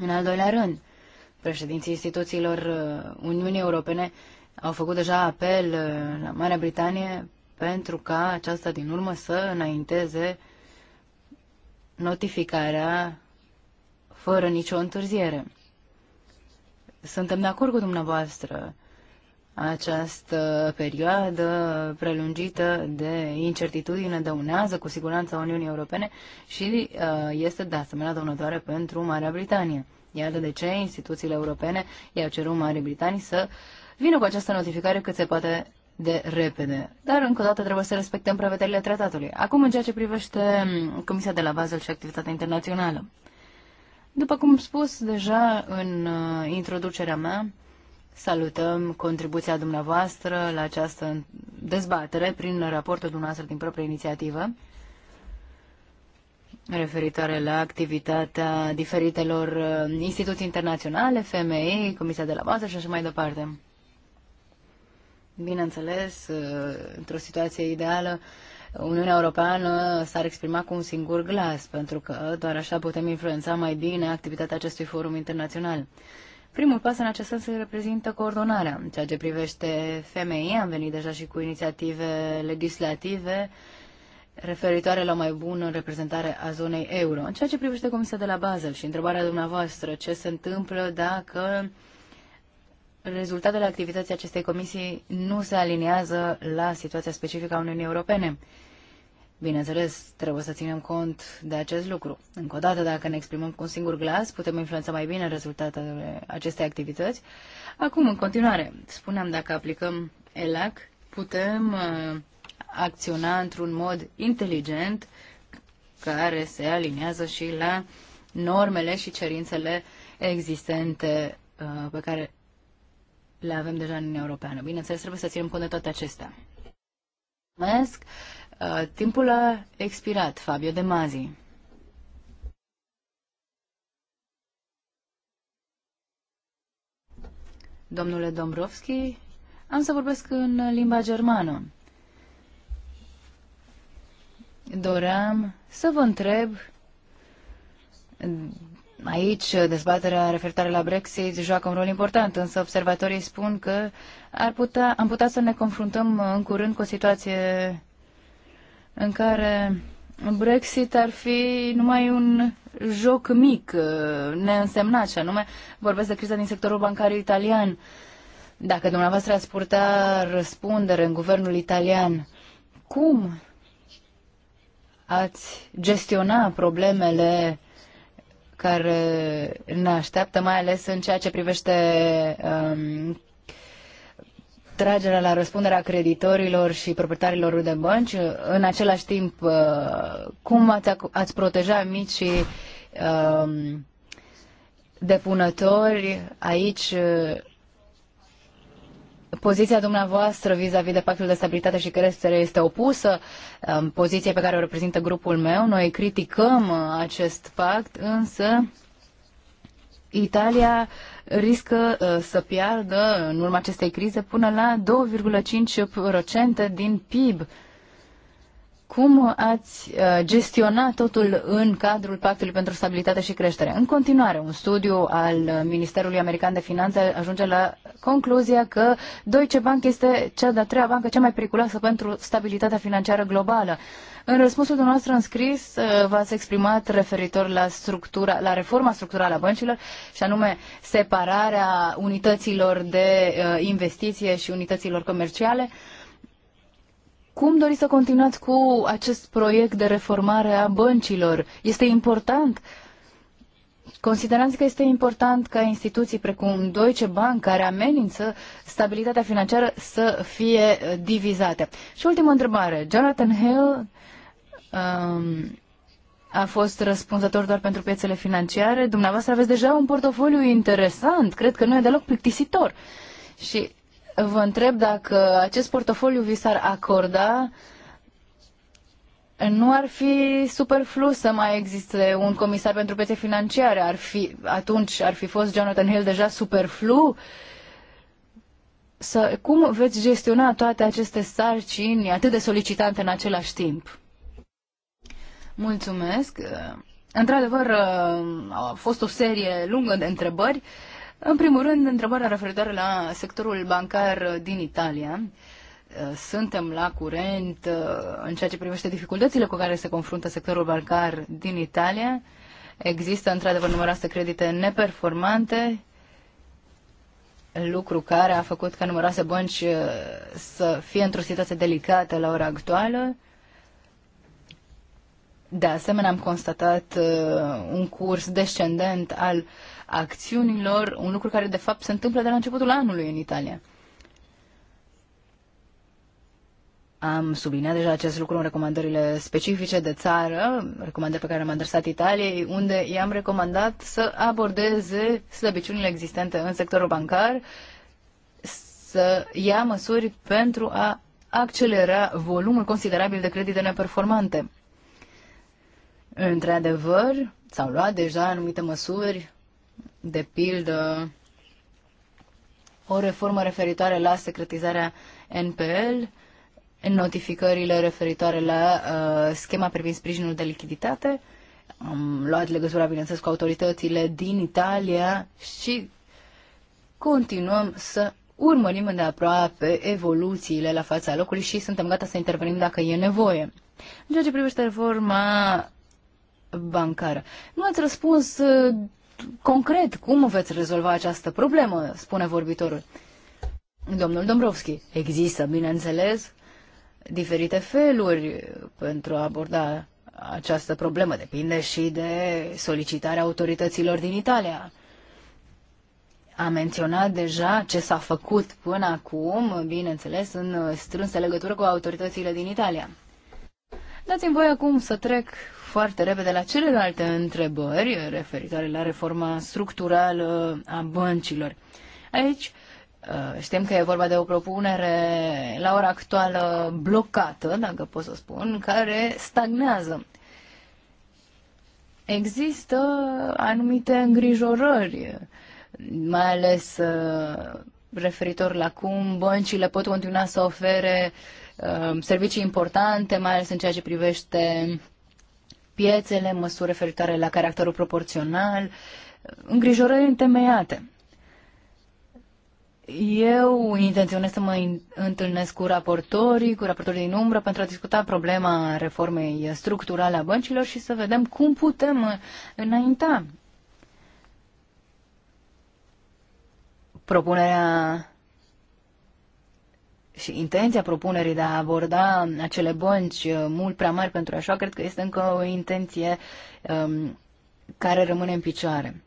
În al doilea rând, președinții instituțiilor uh, Uniunii Europene au făcut deja apel uh, la Marea Britanie pentru ca aceasta din urmă să înainteze notificarea fără nicio întârziere. Suntem de acord cu dumneavoastră. Această perioadă prelungită de incertitudine dăunează cu siguranță Uniunii Europene și uh, este de asemenea dăunătoare pentru Marea Britanie. Iată de ce instituțiile europene i-au cerut Marii Britanii să vină cu această notificare cât se poate de repede. Dar, încă o dată, trebuie să respectăm prevederile tratatului. Acum, în ceea ce privește um, Comisia de la Basel și activitatea internațională. După cum spus deja în uh, introducerea mea, Salutăm contribuția dumneavoastră la această dezbatere prin raportul dumneavoastră din proprie inițiativă referitoare la activitatea diferitelor uh, instituții internaționale, FMI, Comisia de la Bază și așa mai departe. Bineînțeles, uh, într-o situație ideală, Uniunea Europeană s-ar exprima cu un singur glas, pentru că doar așa putem influența mai bine activitatea acestui forum internațional. Primul pas în acest sens reprezintă coordonarea. În ceea ce privește femei, am venit deja și cu inițiative legislative referitoare la mai bună reprezentare a zonei euro. În ceea ce privește Comisia de la Basel și întrebarea dumneavoastră, ce se întâmplă dacă rezultatele activității acestei comisii nu se aliniază la situația specifică a Uniunii Europene? Bineînțeles, trebuie să ținem cont de acest lucru. Încă o dată, dacă ne exprimăm cu un singur glas, putem influența mai bine rezultatele acestei activități. Acum, în continuare, spuneam, dacă aplicăm ELAC, putem uh, acționa într-un mod inteligent care se aliniază și la normele și cerințele existente uh, pe care le avem deja în Uniunea Europeană. Bineînțeles, trebuie să ținem cont de toate acestea. Mulțumesc! Uh, timpul a expirat, Fabio De Mazi. Domnule Dombrovski, am să vorbesc în limba germană. Doream să vă întreb Aici, dezbaterea referitoare la Brexit joacă un rol important, însă observatorii spun că ar putea, am putea să ne confruntăm în curând cu o situație în care Brexit ar fi numai un joc mic, uh, neînsemnat și anume vorbesc de criza din sectorul bancar italian. Dacă dumneavoastră ați purta răspundere în guvernul italian, cum ați gestiona problemele care ne așteaptă, mai ales în ceea ce privește um, tragerea la răspunderea creditorilor și proprietarilor de bănci. În același timp, uh, cum ați, ați proteja micii um, depunători aici? Uh, poziția dumneavoastră vis-a-vis -vis de pactul de stabilitate și creștere este opusă um, poziției pe care o reprezintă grupul meu. Noi criticăm uh, acest pact, însă Italia uh, riscă uh, să piardă în urma acestei crize până la 2,5% din PIB cum ați uh, gestionat totul în cadrul Pactului pentru Stabilitate și Creștere? În continuare, un studiu al Ministerului American de Finanțe ajunge la concluzia că Deutsche Bank este cea de-a treia bancă cea mai periculoasă pentru stabilitatea financiară globală. În răspunsul dumneavoastră scris, uh, v-ați exprimat referitor la, structura, la reforma structurală a băncilor și anume separarea unităților de uh, investiție și unităților comerciale. Uh, cum doriți să continuați cu acest proiect de reformare a băncilor? Este important Considerați că este important ca instituții precum Deutsche Bank, care amenință stabilitatea financiară, să fie uh, divizate. Și ultima întrebare. Jonathan Hill um, a fost răspunzător doar pentru piețele financiare. Dumneavoastră aveți deja un portofoliu interesant. Cred că nu e deloc plictisitor. Și vă întreb dacă acest portofoliu vi s-ar acorda, nu ar fi superflu să mai existe un comisar pentru piețe financiare. Ar fi, atunci ar fi fost Jonathan Hill deja superflu? Să, cum veți gestiona toate aceste sarcini atât de solicitante în același timp? Mulțumesc. Într-adevăr, a fost o serie lungă de întrebări. În primul rând, întrebarea referitoare la sectorul bancar din Italia. Suntem la curent uh, în ceea ce privește dificultățile cu care se confruntă sectorul bancar din Italia. Există într-adevăr numeroase credite neperformante, lucru care a făcut ca numeroase bănci uh, să fie într-o situație delicată la ora actuală. De asemenea, am constatat uh, un curs descendent al uh, acțiunilor, un lucru care de fapt se întâmplă de la începutul anului în Italia. Am subliniat deja acest lucru în recomandările specifice de țară, recomandări pe care le-am adresat Italiei, unde i-am recomandat să abordeze slăbiciunile existente în sectorul bancar, să ia măsuri pentru a accelera volumul considerabil de credite neperformante. Într-adevăr, s-au luat deja anumite măsuri de pildă, o reformă referitoare la secretizarea NPL, notificările referitoare la uh, schema privind sprijinul de lichiditate. Am luat legătura, bineînțeles, cu autoritățile din Italia și continuăm să urmărim de aproape evoluțiile la fața locului și suntem gata să intervenim dacă e nevoie. În ceea ce privește reforma bancară, nu ați răspuns uh, concret cum veți rezolva această problemă, spune vorbitorul. Domnul Dombrovski, există, bineînțeles, diferite feluri pentru a aborda această problemă. Depinde și de solicitarea autorităților din Italia. A menționat deja ce s-a făcut până acum, bineînțeles, în strânsă legătură cu autoritățile din Italia. Dați-mi voi acum să trec foarte repede la celelalte întrebări referitoare la reforma structurală a băncilor. Aici uh, știm că e vorba de o propunere la ora actuală blocată, dacă pot să spun, care stagnează. Există anumite îngrijorări, mai ales uh, referitor la cum băncile pot continua să ofere uh, servicii importante, mai ales în ceea ce privește piețele, măsuri referitoare la caracterul proporțional, îngrijorări întemeiate. Eu intenționez să mă întâlnesc cu raportorii, cu raportorii din umbră, pentru a discuta problema reformei structurale a băncilor și să vedem cum putem înainta. Propunerea și intenția propunerii de a aborda acele bănci uh, mult prea mari pentru așa, cred că este încă o intenție um, care rămâne în picioare.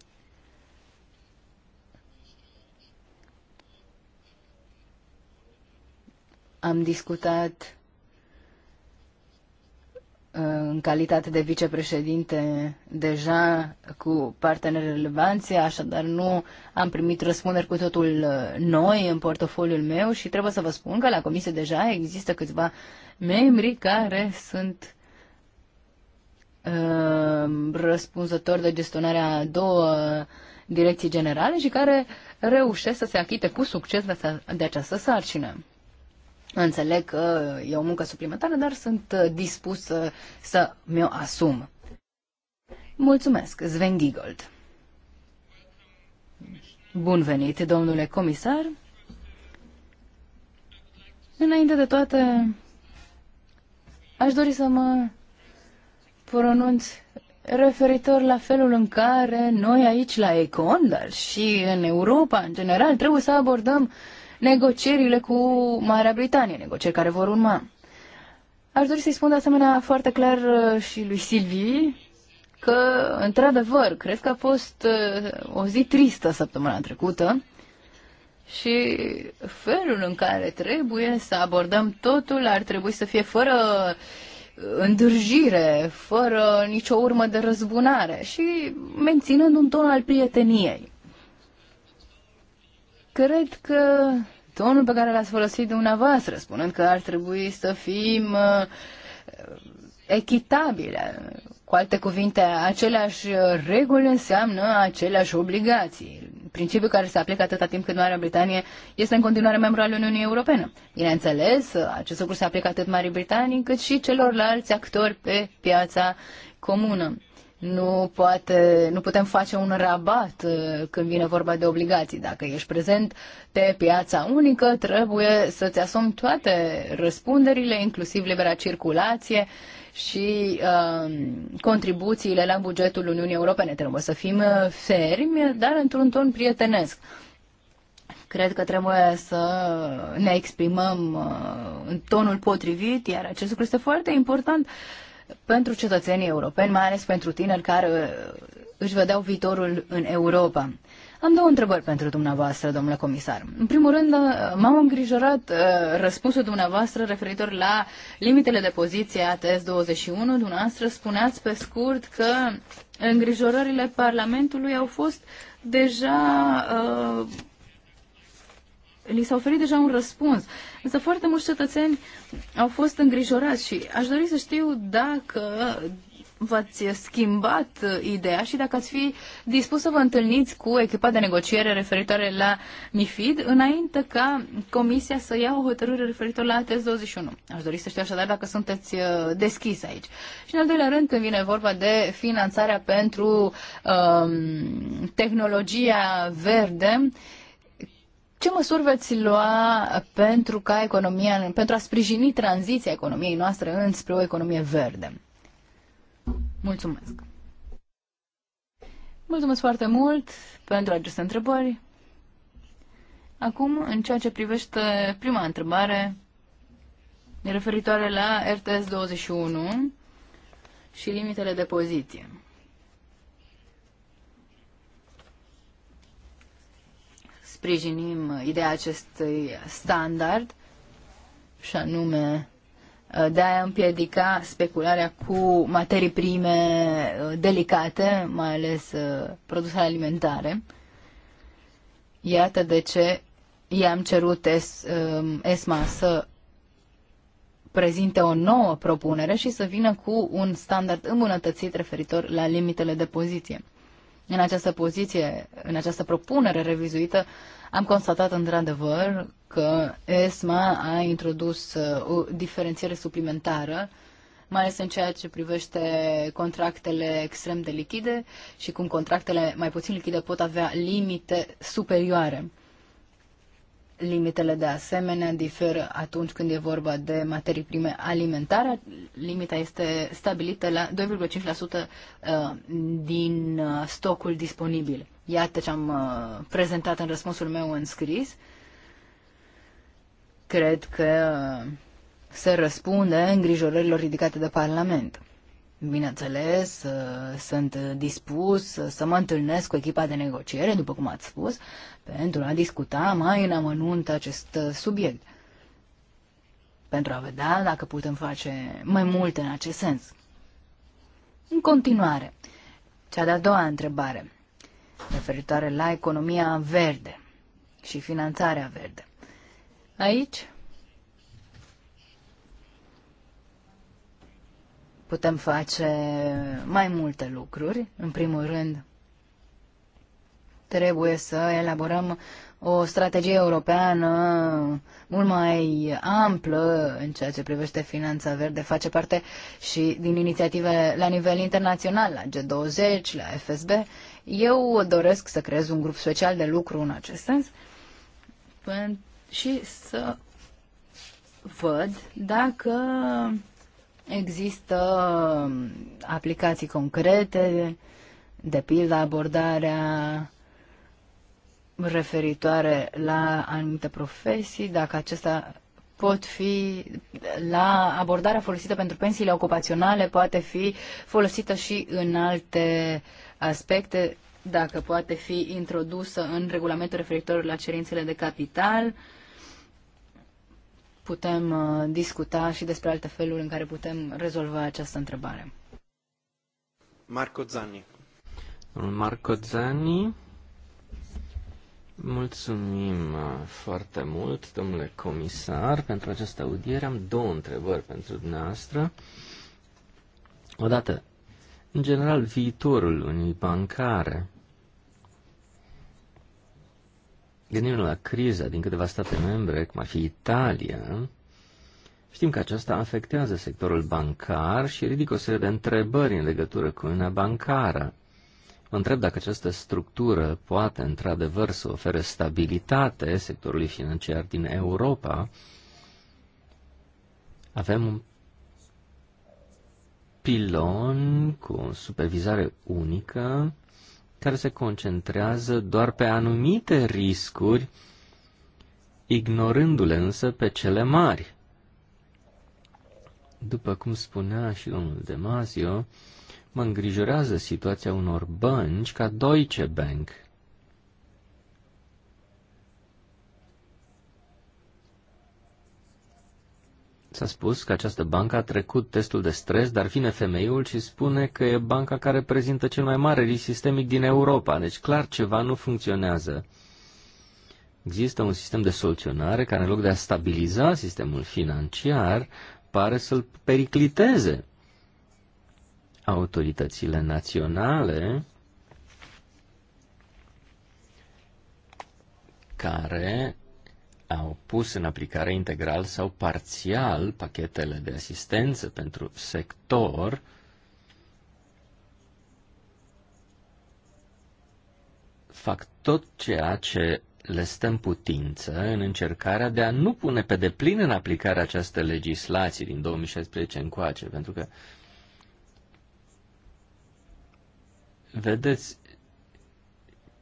Am discutat în calitate de vicepreședinte deja cu parteneri relevanți, așadar nu am primit răspunderi cu totul uh, noi în portofoliul meu și trebuie să vă spun că la comisie deja există câțiva membri care sunt uh, răspunzători de gestionarea a două direcții generale și care reușesc să se achite cu succes de această sarcină. Înțeleg că e o muncă suplimentară, dar sunt dispus să, să mi-o asum. Mulțumesc, Sven Giegold. Bun venit, domnule comisar. Înainte de toate, aș dori să mă pronunț referitor la felul în care noi aici la Econ, dar și în Europa în general, trebuie să abordăm uh, negocierile cu Marea Britanie, negocieri care vor urma. Aș dori să-i spun de asemenea foarte clar uh, și lui Silvii că, într-adevăr, cred că a fost uh, o zi tristă săptămâna trecută și felul în care trebuie să abordăm totul ar trebui să fie fără uh, îndârjire, fără nicio urmă de răzbunare și menținând un ton al prieteniei. Cred că tonul pe care l-ați folosit dumneavoastră, spunând că ar trebui să fim uh, echitabile, cu alte cuvinte, aceleași reguli înseamnă aceleași obligații. Principiul care se aplică atâta timp cât Marea Britanie este în continuare membru al Uniunii Europene. Bineînțeles, acest lucru se aplică atât Marii Britanii cât și celorlalți actori pe piața comună. Nu, poate, nu putem face un rabat uh, când vine vorba de obligații. Dacă ești prezent pe piața unică, trebuie să-ți asumi toate răspunderile, inclusiv libera circulație și uh, contribuțiile la bugetul Uniunii Europene. Trebuie să fim uh, fermi, dar într-un ton prietenesc. Cred că trebuie să ne exprimăm uh, în tonul potrivit, iar acest lucru este foarte important. Uh, pentru cetățenii europeni, mai ales pentru tineri care uh, își vedeau viitorul în Europa. Am două întrebări pentru dumneavoastră, domnule comisar. În primul rând, uh, m-am îngrijorat uh, răspunsul dumneavoastră referitor la limitele de poziție ATS-21. Dumneavoastră spuneați pe scurt că îngrijorările Parlamentului au fost deja uh, li s-a oferit deja un răspuns. Însă foarte mulți cetățeni au fost îngrijorați și aș dori să știu dacă v-ați schimbat ideea și dacă ați fi dispus să vă întâlniți cu echipa de negociere referitoare la MIFID înainte ca comisia să ia o hotărâre referitor la ATS 21. Aș dori să știu așadar dacă sunteți uh, deschis aici. Și în al doilea rând când vine vorba de finanțarea pentru um, tehnologia verde, uh, ce măsuri veți lua pentru ca economia, pentru a sprijini tranziția economiei noastre înspre o economie verde? Mulțumesc! Mulțumesc foarte mult pentru aceste întrebări. Acum, în ceea ce privește prima întrebare, referitoare la RTS 21 și limitele de poziție. sprijinim ideea acestui standard și anume uh, de a împiedica specularea cu materii prime uh, delicate, mai ales uh, produsele alimentare. Iată de ce i-am cerut um, ESMA să prezinte o nouă propunere și să vină cu un standard îmbunătățit referitor la limitele de poziție. În această poziție, în această propunere revizuită, am constatat într-adevăr că ESMA a introdus uh, o diferențiere suplimentară, mai ales în ceea ce privește contractele extrem de lichide și cum contractele mai puțin lichide pot avea limite superioare. Limitele de asemenea diferă atunci când e vorba de materii prime alimentare. Limita este stabilită la 2,5% uh, din uh, stocul disponibil. Iată ce am uh, prezentat în răspunsul meu în scris. Cred că se răspunde îngrijorărilor ridicate de Parlament. Bineînțeles, uh, sunt dispus să mă întâlnesc cu echipa de negociere, după cum ați spus, pentru a discuta mai în amănunt acest uh, subiect, pentru a vedea dacă putem face mai mult în acest sens. În continuare, cea de-a doua întrebare, referitoare la economia verde și finanțarea verde. Aici Putem face mai multe lucruri. În primul rând, trebuie să elaborăm o strategie europeană mult mai amplă în ceea ce privește finanța verde. Face parte și din inițiative la nivel internațional, la G20, la FSB. Eu doresc să creez un grup special de lucru în acest sens și să văd dacă Există um, aplicații concrete, de pildă abordarea referitoare la anumite profesii, dacă acestea pot fi la abordarea folosită pentru pensiile ocupaționale poate fi folosită și în alte aspecte, dacă poate fi introdusă în regulamentul referitor la cerințele de capital putem uh, discuta și despre alte feluri în care putem rezolva această întrebare. Marco Zanni. Marco Zanni. Mulțumim uh, foarte mult, domnule comisar, pentru această audiere. Am două întrebări pentru dumneavoastră. Odată, în general, viitorul unii bancare. gândindu-ne la criza din câteva state membre, cum ar fi Italia, știm că aceasta afectează sectorul bancar și ridică o serie de întrebări în legătură cu una bancară. Mă întreb dacă această structură poate într-adevăr să ofere stabilitate sectorului financiar din Europa. Avem un pilon cu supervizare unică care se concentrează doar pe anumite riscuri, ignorându-le însă pe cele mari. După cum spunea și domnul Demasio, mă îngrijorează situația unor bănci ca Deutsche Bank, S-a spus că această bancă a trecut testul de stres, dar vine femeiul și spune că e banca care prezintă cel mai mare risc sistemic din Europa. Deci clar ceva nu funcționează. Există un sistem de soluționare care în loc de a stabiliza sistemul financiar, pare să-l pericliteze. Autoritățile naționale care au pus în aplicare integral sau parțial pachetele de asistență pentru sector, fac tot ceea ce le stă în putință în încercarea de a nu pune pe deplin în aplicare această legislație din 2016 încoace, pentru că vedeți,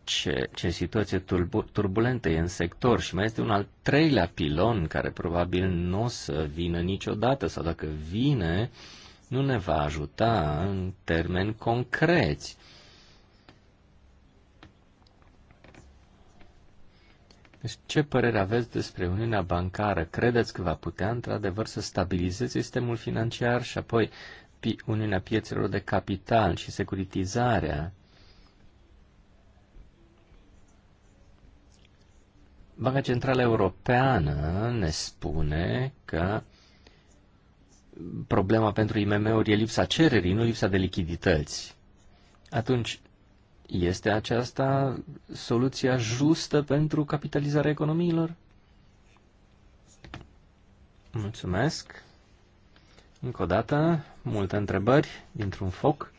ce, ce situație turbulentă e în sector și mai este un al treilea pilon care probabil nu o să vină niciodată sau dacă vine, nu ne va ajuta în termeni concreți. Deci, ce părere aveți despre Uniunea Bancară? Credeți că va putea, într-adevăr, să stabilizeze sistemul financiar și apoi Uniunea Piețelor de Capital și securitizarea? Banca Centrală Europeană ne spune că problema pentru IMM-uri e lipsa cererii, nu lipsa de lichidități. Atunci, este aceasta soluția justă pentru capitalizarea economiilor? Mulțumesc. Încă o dată, multe întrebări dintr-un foc.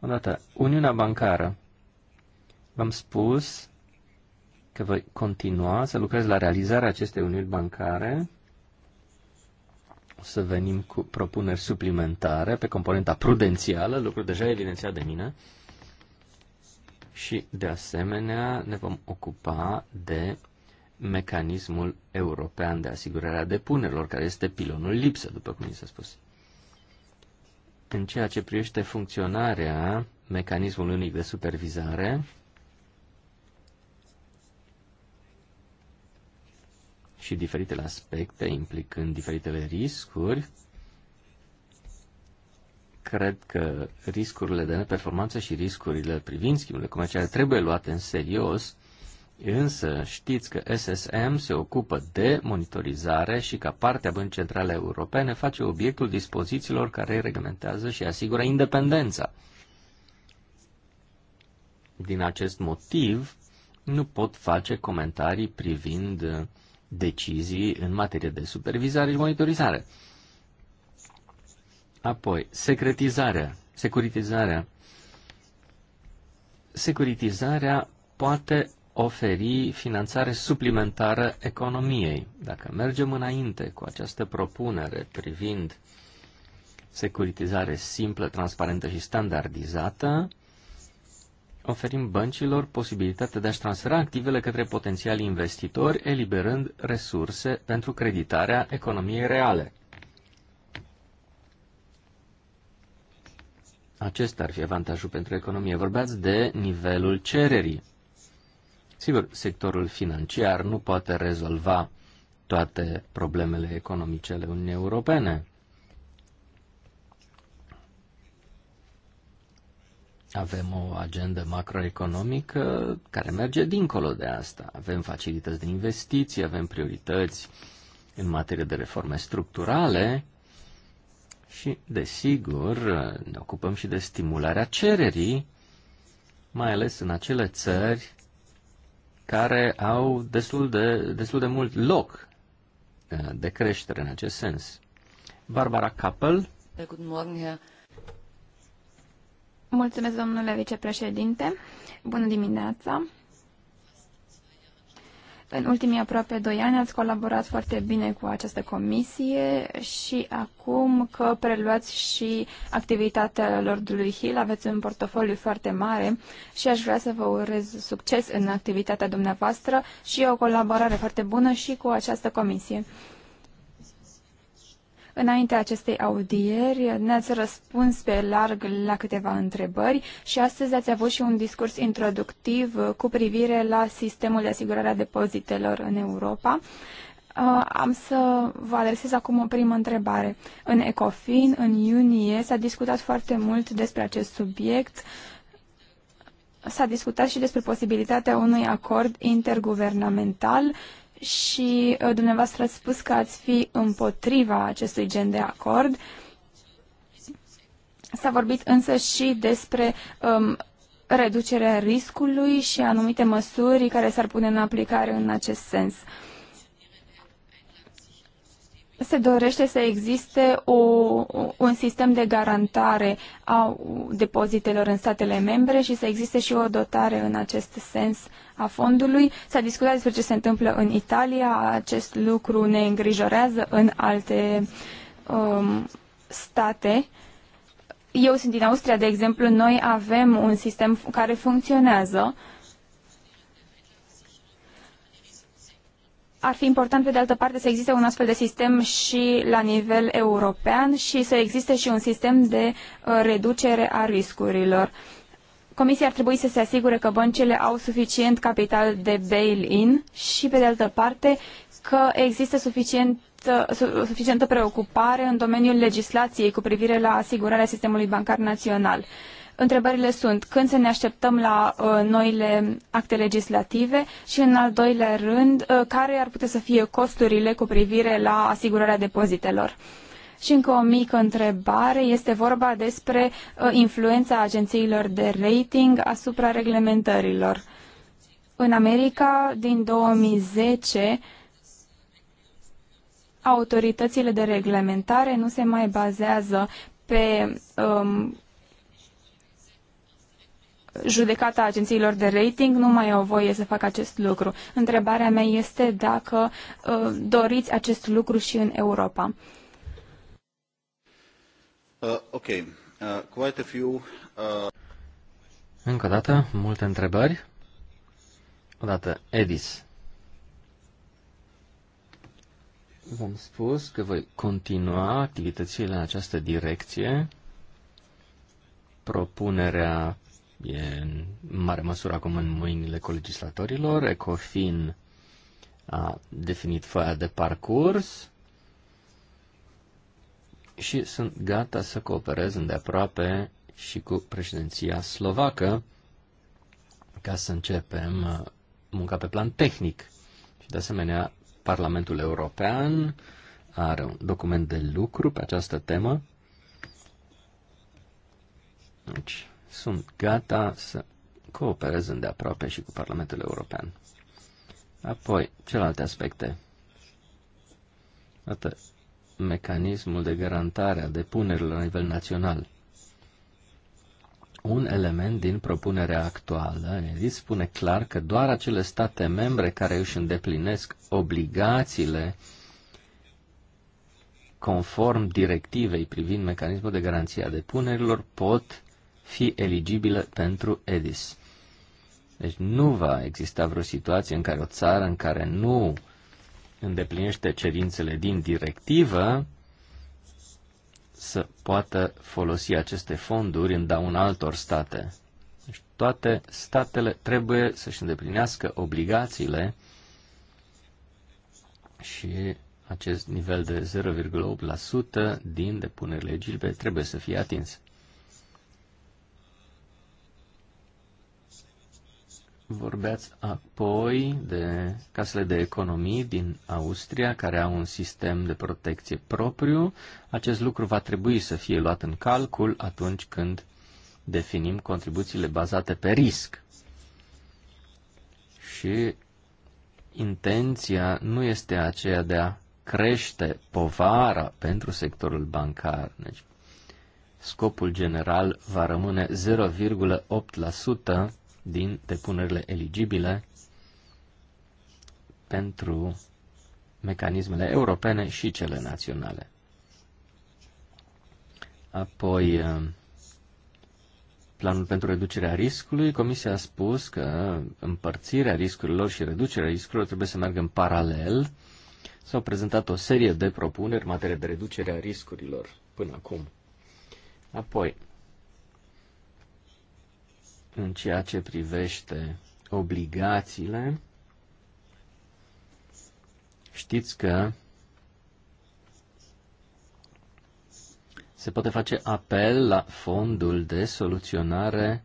Odată, Uniunea Bancară. V-am spus că voi continua să lucrez la realizarea acestei uniuni bancare. O să venim cu propuneri suplimentare pe componenta prudențială, lucru deja evidențiat de mine. Și, de asemenea, ne vom ocupa de mecanismul european de asigurare a depunerilor, care este pilonul lipsă, după cum mi s-a spus. În ceea ce privește funcționarea mecanismului unic de supervizare, și diferitele aspecte, implicând diferitele riscuri, cred că riscurile de neperformanță și riscurile privind schimbările comerciale trebuie luate în serios, însă știți că SSM se ocupă de monitorizare și ca partea băncii centrale europene face obiectul dispozițiilor care îi reglementează și asigură independența. Din acest motiv, nu pot face comentarii privind decizii în materie de supervizare și monitorizare. Apoi, secretizarea, securitizarea. Securitizarea poate oferi finanțare suplimentară economiei. Dacă mergem înainte cu această propunere privind securitizare simplă, transparentă și standardizată, oferim băncilor posibilitatea de a-și transfera activele către potențiali investitori, eliberând resurse pentru creditarea economiei reale. Acesta ar fi avantajul pentru economie. Vorbeați de nivelul cererii. Sigur, sectorul financiar nu poate rezolva toate problemele economice ale Uniunii Europene. Avem o agendă macroeconomică care merge dincolo de asta. Avem facilități de investiții, avem priorități în materie de reforme structurale și, desigur, ne ocupăm și de stimularea cererii, mai ales în acele țări care au destul de, destul de mult loc uh, de creștere în acest sens. Barbara Kappel. Good morning, Herr Mulțumesc, domnule vicepreședinte. Bună dimineața. În ultimii aproape doi ani ați colaborat foarte bine cu această comisie și acum că preluați și activitatea Lordului Hill, aveți un portofoliu foarte mare și aș vrea să vă urez succes în activitatea dumneavoastră și o colaborare foarte bună și cu această comisie. Înainte acestei audieri ne-ați răspuns pe larg la câteva întrebări și astăzi ați avut și un discurs introductiv cu privire la sistemul de asigurare a depozitelor în Europa. Uh, am să vă adresez acum o primă întrebare. În Ecofin, în iunie, s-a discutat foarte mult despre acest subiect s-a discutat și despre posibilitatea unui acord interguvernamental și uh, dumneavoastră ați spus că ați fi împotriva acestui gen de acord. S-a vorbit însă și despre um, reducerea riscului și anumite măsuri care s-ar pune în aplicare în acest sens. Uh, se dorește să existe o, un sistem de garantare a depozitelor în statele membre și să existe și o dotare în acest sens a fondului. S-a discutat despre ce se întâmplă în Italia, acest lucru ne îngrijorează în alte um, state. Eu sunt din Austria, de exemplu, noi avem un sistem care funcționează uh, ar fi important, pe de altă parte, să existe un astfel de sistem și la nivel european și să existe și un sistem de uh, reducere a riscurilor. Comisia ar trebui să se asigure că băncile au suficient capital de bail-in și, pe de altă parte, că există suficient, uh, suficientă preocupare în domeniul legislației cu privire la asigurarea sistemului bancar național. Întrebările sunt când să ne așteptăm la uh, noile acte legislative și, în al doilea rând, uh, care ar putea să fie costurile cu privire la asigurarea depozitelor. Și încă o mică întrebare, este vorba despre uh, influența agențiilor de rating asupra reglementărilor. În America, din 2010, autoritățile de reglementare nu se mai bazează pe um, judecata agențiilor de rating nu mai au voie să facă acest lucru. Întrebarea mea este dacă uh, doriți acest lucru și în Europa. Uh, ok. Uh, quite a few, uh... Încă o dată, multe întrebări. O dată, Edis. V-am spus că voi continua activitățile în această direcție. Propunerea e în mare măsură acum în mâinile colegislatorilor. Ecofin a definit foaia de parcurs și sunt gata să cooperez îndeaproape și cu președinția slovacă ca să începem uh, munca pe plan tehnic. Și de asemenea, Parlamentul European are un document de lucru pe această temă. Deci, sunt gata să coopereze îndeaproape și cu Parlamentul European. Apoi, celelalte aspecte. Atât mecanismul de garantare a depunerilor la nivel național. Un element din propunerea actuală îi spune clar că doar acele state membre care își îndeplinesc obligațiile conform directivei privind mecanismul de garanție a depunerilor pot fi eligibilă pentru EDIS. Deci nu va exista vreo situație în care o țară în care nu îndeplinește cerințele din directivă să poată folosi aceste fonduri în daun altor state. Deci toate statele trebuie să-și îndeplinească obligațiile și acest nivel de 0,8% din depunerile legile trebuie să fie atins. Vorbeați apoi de casele de economii din Austria, care au un sistem de protecție propriu. Acest lucru va trebui să fie luat în calcul atunci când definim contribuțiile bazate pe risc. Și intenția nu este aceea de a crește povara pentru sectorul bancar. Deci, scopul general va rămâne 0,8% din depunerile eligibile pentru mecanismele europene și cele naționale. Apoi, uh, planul pentru reducerea riscului, Comisia a spus că împărțirea riscurilor și reducerea riscurilor trebuie să meargă în paralel. S-au prezentat o serie de propuneri în materie de reducere a riscurilor până acum. Apoi, în ceea ce privește obligațiile, știți că se poate face apel la fondul de soluționare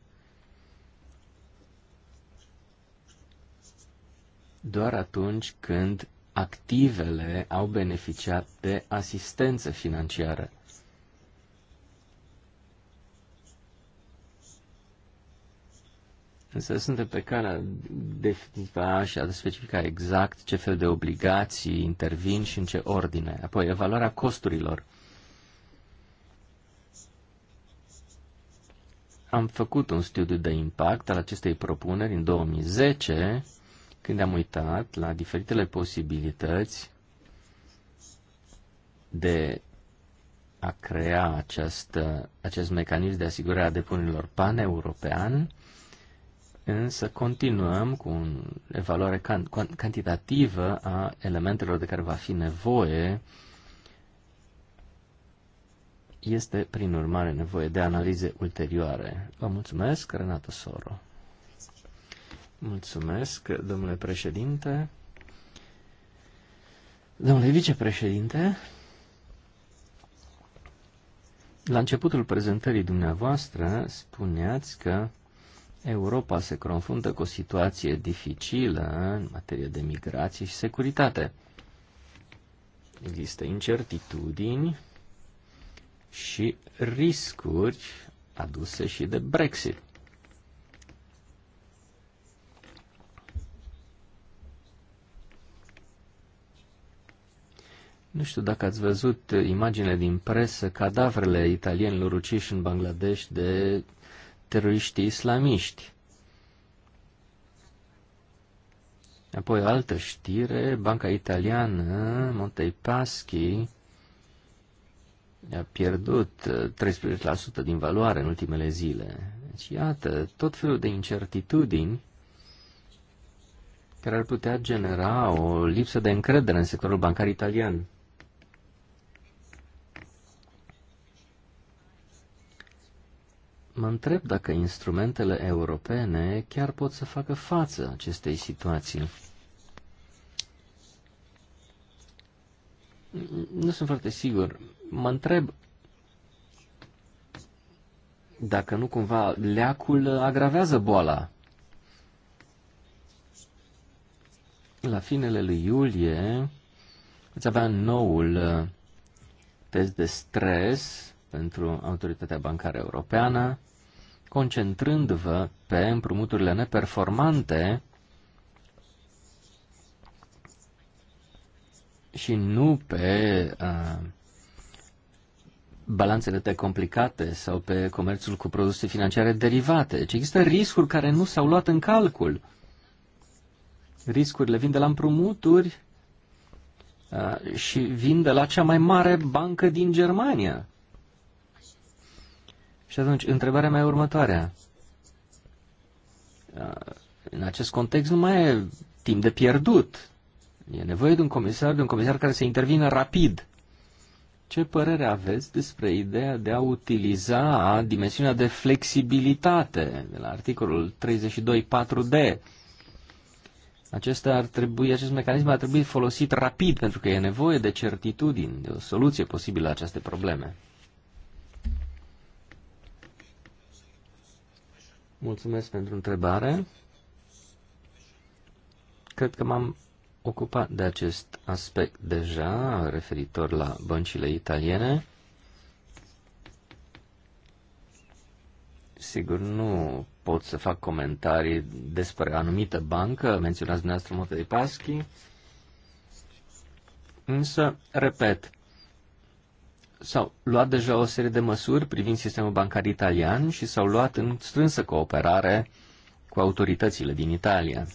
doar atunci când activele au beneficiat de asistență financiară. Însă suntem pe calea definitiva și a specifica exact ce fel de obligații intervin și în ce ordine. Apoi, evaluarea costurilor. Am făcut un studiu de impact al acestei propuneri în 2010, când am uitat la diferitele posibilități de a crea acest, acest mecanism de asigurare a depunerilor pan-european însă continuăm cu o evaluare cantitativă a elementelor de care va fi nevoie. Este, prin urmare, nevoie de analize ulterioare. Vă mulțumesc, Renato Soro. Mulțumesc, domnule președinte. Domnule vicepreședinte, la începutul prezentării dumneavoastră spuneați că Europa se confruntă cu o situație dificilă în materie de migrație și securitate. Există incertitudini și riscuri aduse și de Brexit. Nu știu dacă ați văzut imagine din presă, cadavrele italienilor uciși în Bangladesh de teroriști islamiști. Apoi o altă știre, banca italiană Montei Paschi a pierdut 13% uh, din valoare în ultimele zile. Deci iată, tot felul de incertitudini care ar putea genera o lipsă de încredere în sectorul bancar italian. mă întreb dacă instrumentele europene chiar pot să facă față acestei situații. Nu sunt foarte sigur. Mă întreb dacă nu cumva leacul agravează boala. La finele lui iulie îți avea noul uh, test de stres pentru Autoritatea Bancară Europeană, concentrându-vă pe împrumuturile neperformante și nu pe a, uh, balanțele de complicate sau pe comerțul cu produse financiare derivate. Deci există riscuri care nu s-au luat în calcul. Riscurile vin de la împrumuturi uh, și vin de la cea mai mare bancă din Germania. Și atunci, întrebarea mea e următoarea. În acest context nu mai e timp de pierdut. E nevoie de un comisar, de un comisar care să intervină rapid. Ce părere aveți despre ideea de a utiliza dimensiunea de flexibilitate de la articolul 32.4d? Acesta ar trebui, acest mecanism ar trebui folosit rapid pentru că e nevoie de certitudini, de o soluție posibilă la aceste probleme. Mulțumesc pentru întrebare. Cred că m-am ocupat de acest aspect deja, referitor la băncile italiene. Sigur, nu pot să fac comentarii despre anumită bancă, menționați dumneavoastră Paschi, însă, repet, s-au luat deja o serie de măsuri privind sistemul bancar italian și s-au luat în strânsă cooperare cu autoritățile din Italia.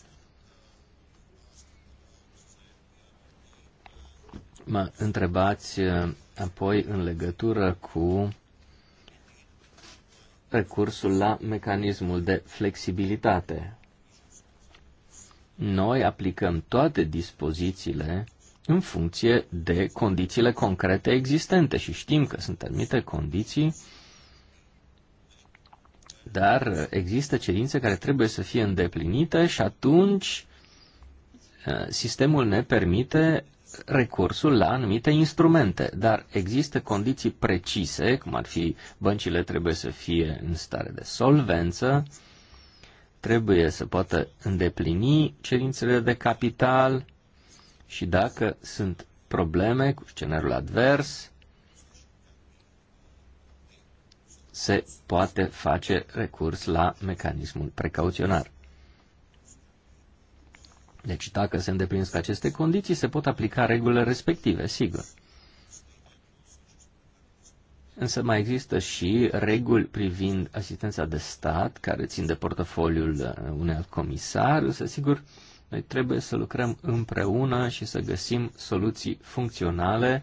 Mă întrebați uh, apoi în legătură cu recursul la mecanismul de flexibilitate. Noi aplicăm toate dispozițiile în funcție de condițiile concrete existente și știm că sunt anumite condiții, dar există cerințe care trebuie să fie îndeplinite și atunci eh, sistemul ne permite recursul la anumite instrumente, dar există condiții precise, cum ar fi băncile trebuie să fie în stare de solvență, trebuie să poată îndeplini cerințele de capital, și dacă sunt probleme cu scenariul advers, se poate face recurs la mecanismul precauționar. Deci dacă se îndeplinesc aceste condiții, se pot aplica regulile respective, sigur. Însă mai există și reguli privind asistența de stat, care țin de portofoliul unui alt comisar, însă sigur, uh, noi trebuie să lucrăm împreună și să găsim soluții funcționale,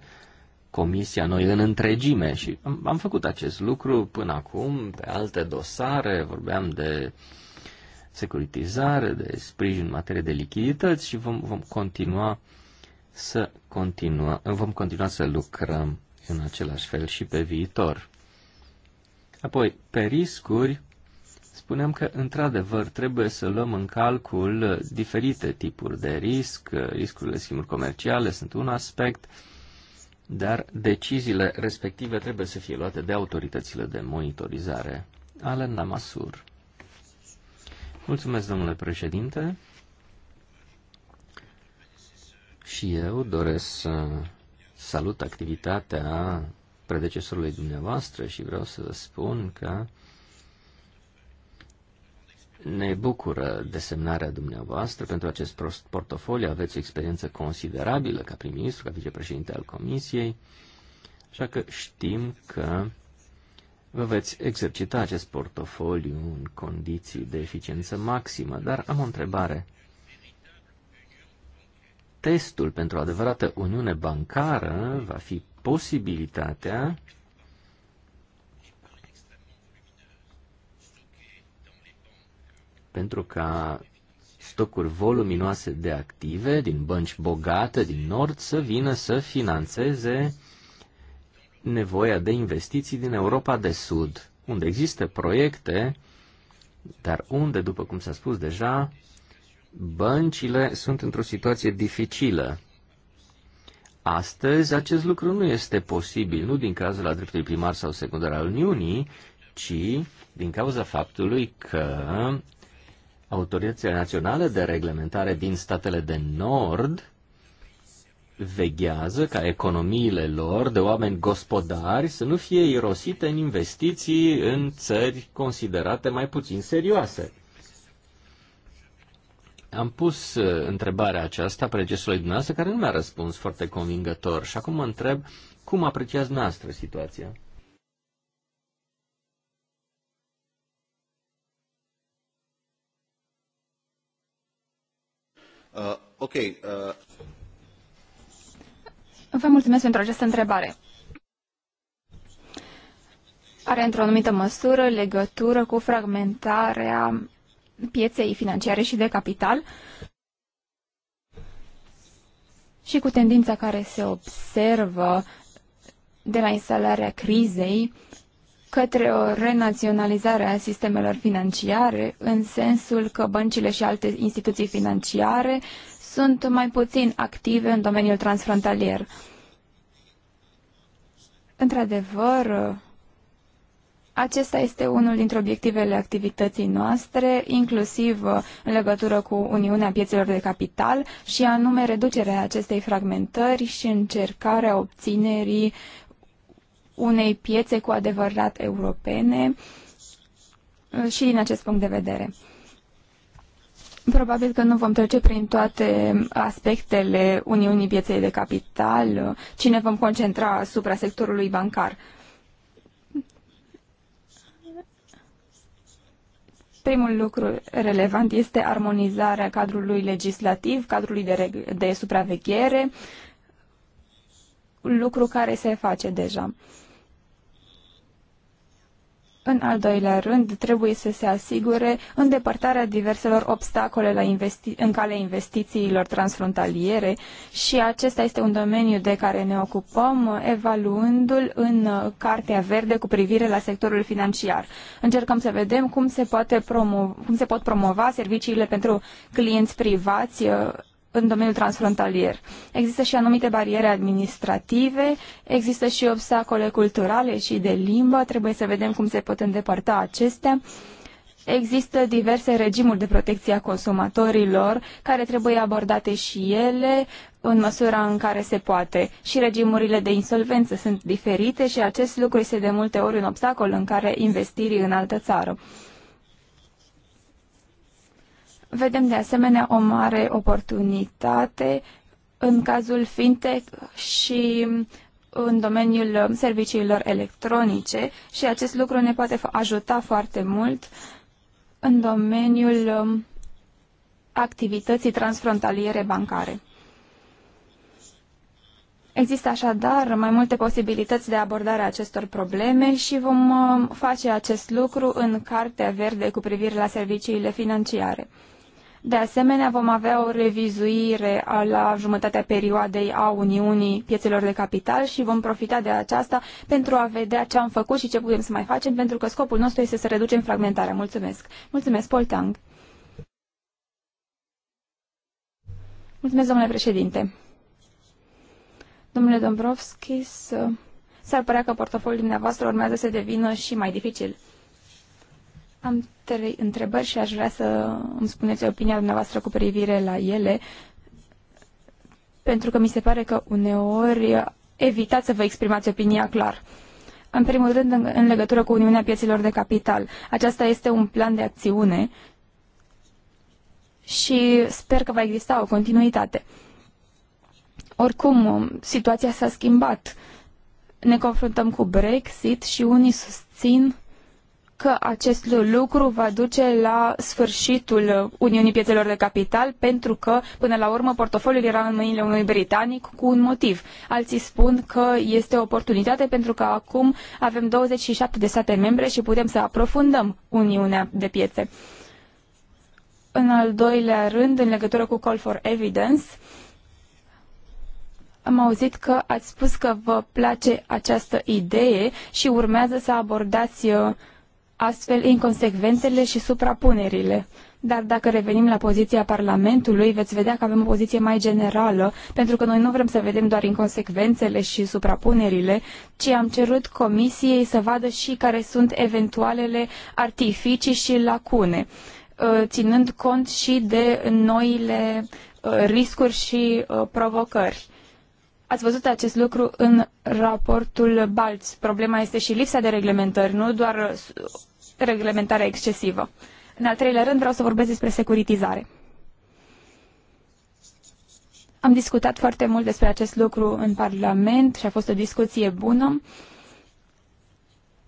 comisia noi în întregime și am, am făcut acest lucru până acum pe alte dosare, vorbeam de securitizare, de sprijin în materie de lichidități și vom, vom continua să continua, vom continua să lucrăm în același fel și pe viitor. Apoi, pe riscuri, Spuneam că, într-adevăr, trebuie să luăm în calcul uh, diferite tipuri de risc. Uh, riscurile schimburi comerciale sunt un aspect, dar deciziile respective trebuie să fie luate de autoritățile de monitorizare. Alen Lamasur. Mulțumesc, domnule președinte. Și eu doresc să salut activitatea predecesorului dumneavoastră și vreau să spun că ne bucură desemnarea dumneavoastră pentru acest portofoliu. Aveți o experiență considerabilă ca prim-ministru, ca vicepreședinte al Comisiei, așa că știm că vă veți exercita acest portofoliu în condiții de eficiență maximă. Dar am o întrebare. Testul pentru adevărată uniune bancară va fi posibilitatea pentru ca stocuri voluminoase de active din bănci bogate din nord să vină să financeze nevoia de investiții din Europa de Sud, unde există proiecte, dar unde, după cum s-a spus deja, băncile sunt într-o situație dificilă. Astăzi acest lucru nu este posibil, nu din cauza la dreptul primar sau secundar al Uniunii, ci din cauza faptului că autoritățile naționale de reglementare din statele de nord veghează ca economiile lor de oameni gospodari să nu fie irosite în investiții în țări considerate mai puțin serioase. Am pus uh, întrebarea aceasta pregesului dumneavoastră, care nu mi-a răspuns foarte convingător. Și acum mă întreb cum apreciați noastră situația. Uh, ok. Uh... Vă mulțumesc pentru această întrebare. Are într-o anumită măsură legătură cu fragmentarea pieței financiare și de capital și cu tendința care se observă de la instalarea crizei către o renaționalizare a sistemelor financiare, în sensul că băncile și alte instituții financiare sunt mai puțin active în domeniul transfrontalier. Într-adevăr, acesta este unul dintre obiectivele activității noastre, inclusiv în legătură cu Uniunea Piețelor de Capital și anume reducerea acestei fragmentări și încercarea obținerii unei piețe cu adevărat europene uh, și din acest punct de vedere. Probabil că nu vom trece prin toate aspectele Uniunii Pieței de Capital, uh, ci ne vom concentra asupra sectorului bancar. Primul lucru relevant este armonizarea cadrului legislativ, cadrului de, de supraveghere, lucru care se face deja. În al doilea rând, trebuie să se asigure îndepărtarea diverselor obstacole la investi- în calea investițiilor transfrontaliere și acesta este un domeniu de care ne ocupăm, uh, evaluându-l în uh, Cartea Verde cu privire la sectorul financiar. Încercăm să vedem cum se, poate promo- cum se pot promova serviciile pentru clienți privați uh, în domeniul transfrontalier. Există și anumite bariere administrative, există și obstacole culturale și de limbă, trebuie să vedem cum se pot îndepărta acestea. Există diverse regimuri de protecție a consumatorilor care trebuie abordate și ele în măsura în care se poate. Și regimurile de insolvență sunt diferite și acest lucru este de multe ori un obstacol în care investirii în altă țară. Vedem de asemenea o mare oportunitate în cazul fintech și în domeniul serviciilor electronice și acest lucru ne poate ajuta foarte mult în domeniul um, activității transfrontaliere bancare. Există așadar mai multe posibilități de abordare a acestor probleme și vom um, face acest lucru în Cartea Verde cu privire la serviciile financiare. De asemenea, vom avea o revizuire la jumătatea perioadei a Uniunii Piețelor de Capital și vom profita de aceasta pentru a vedea ce am făcut și ce putem să mai facem, pentru că scopul nostru este să reducem fragmentarea. Mulțumesc! Mulțumesc, Tang. Mulțumesc, domnule președinte! Domnule Dombrovskis, s-ar părea că portofoliul dumneavoastră urmează să devină și mai dificil. Am trei întrebări și aș vrea să îmi spuneți opinia dumneavoastră cu privire la ele, pentru că mi se pare că uneori evitați să vă exprimați opinia clar. În primul rând, în, în legătură cu Uniunea Pieților de Capital. Aceasta este un plan de acțiune și sper că va exista o continuitate. Oricum, situația s-a schimbat. Ne confruntăm cu Brexit și unii susțin că acest lucru va duce la sfârșitul Uniunii Piețelor de Capital, pentru că, până la urmă, portofoliul era în mâinile unui britanic cu un motiv. Alții spun că este o oportunitate pentru că acum avem 27 de state membre și putem să aprofundăm Uniunea de Piețe. În al doilea rând, în legătură cu Call for Evidence, am auzit că ați spus că vă place această idee și urmează să abordați uh, astfel inconsecvențele și suprapunerile. Dar dacă revenim la poziția Parlamentului, veți vedea că avem o poziție mai generală, pentru că noi nu vrem să vedem doar inconsecvențele și suprapunerile, ci am cerut Comisiei să vadă și care sunt eventualele artificii și lacune, ă, ținând cont și de noile ă, riscuri și ă, provocări. Ați văzut acest lucru în raportul Balț. Problema este și lipsa de reglementări, nu doar reglementarea excesivă. În al treilea rând vreau să vorbesc despre securitizare. Am discutat foarte mult despre acest lucru în Parlament și a fost o discuție bună.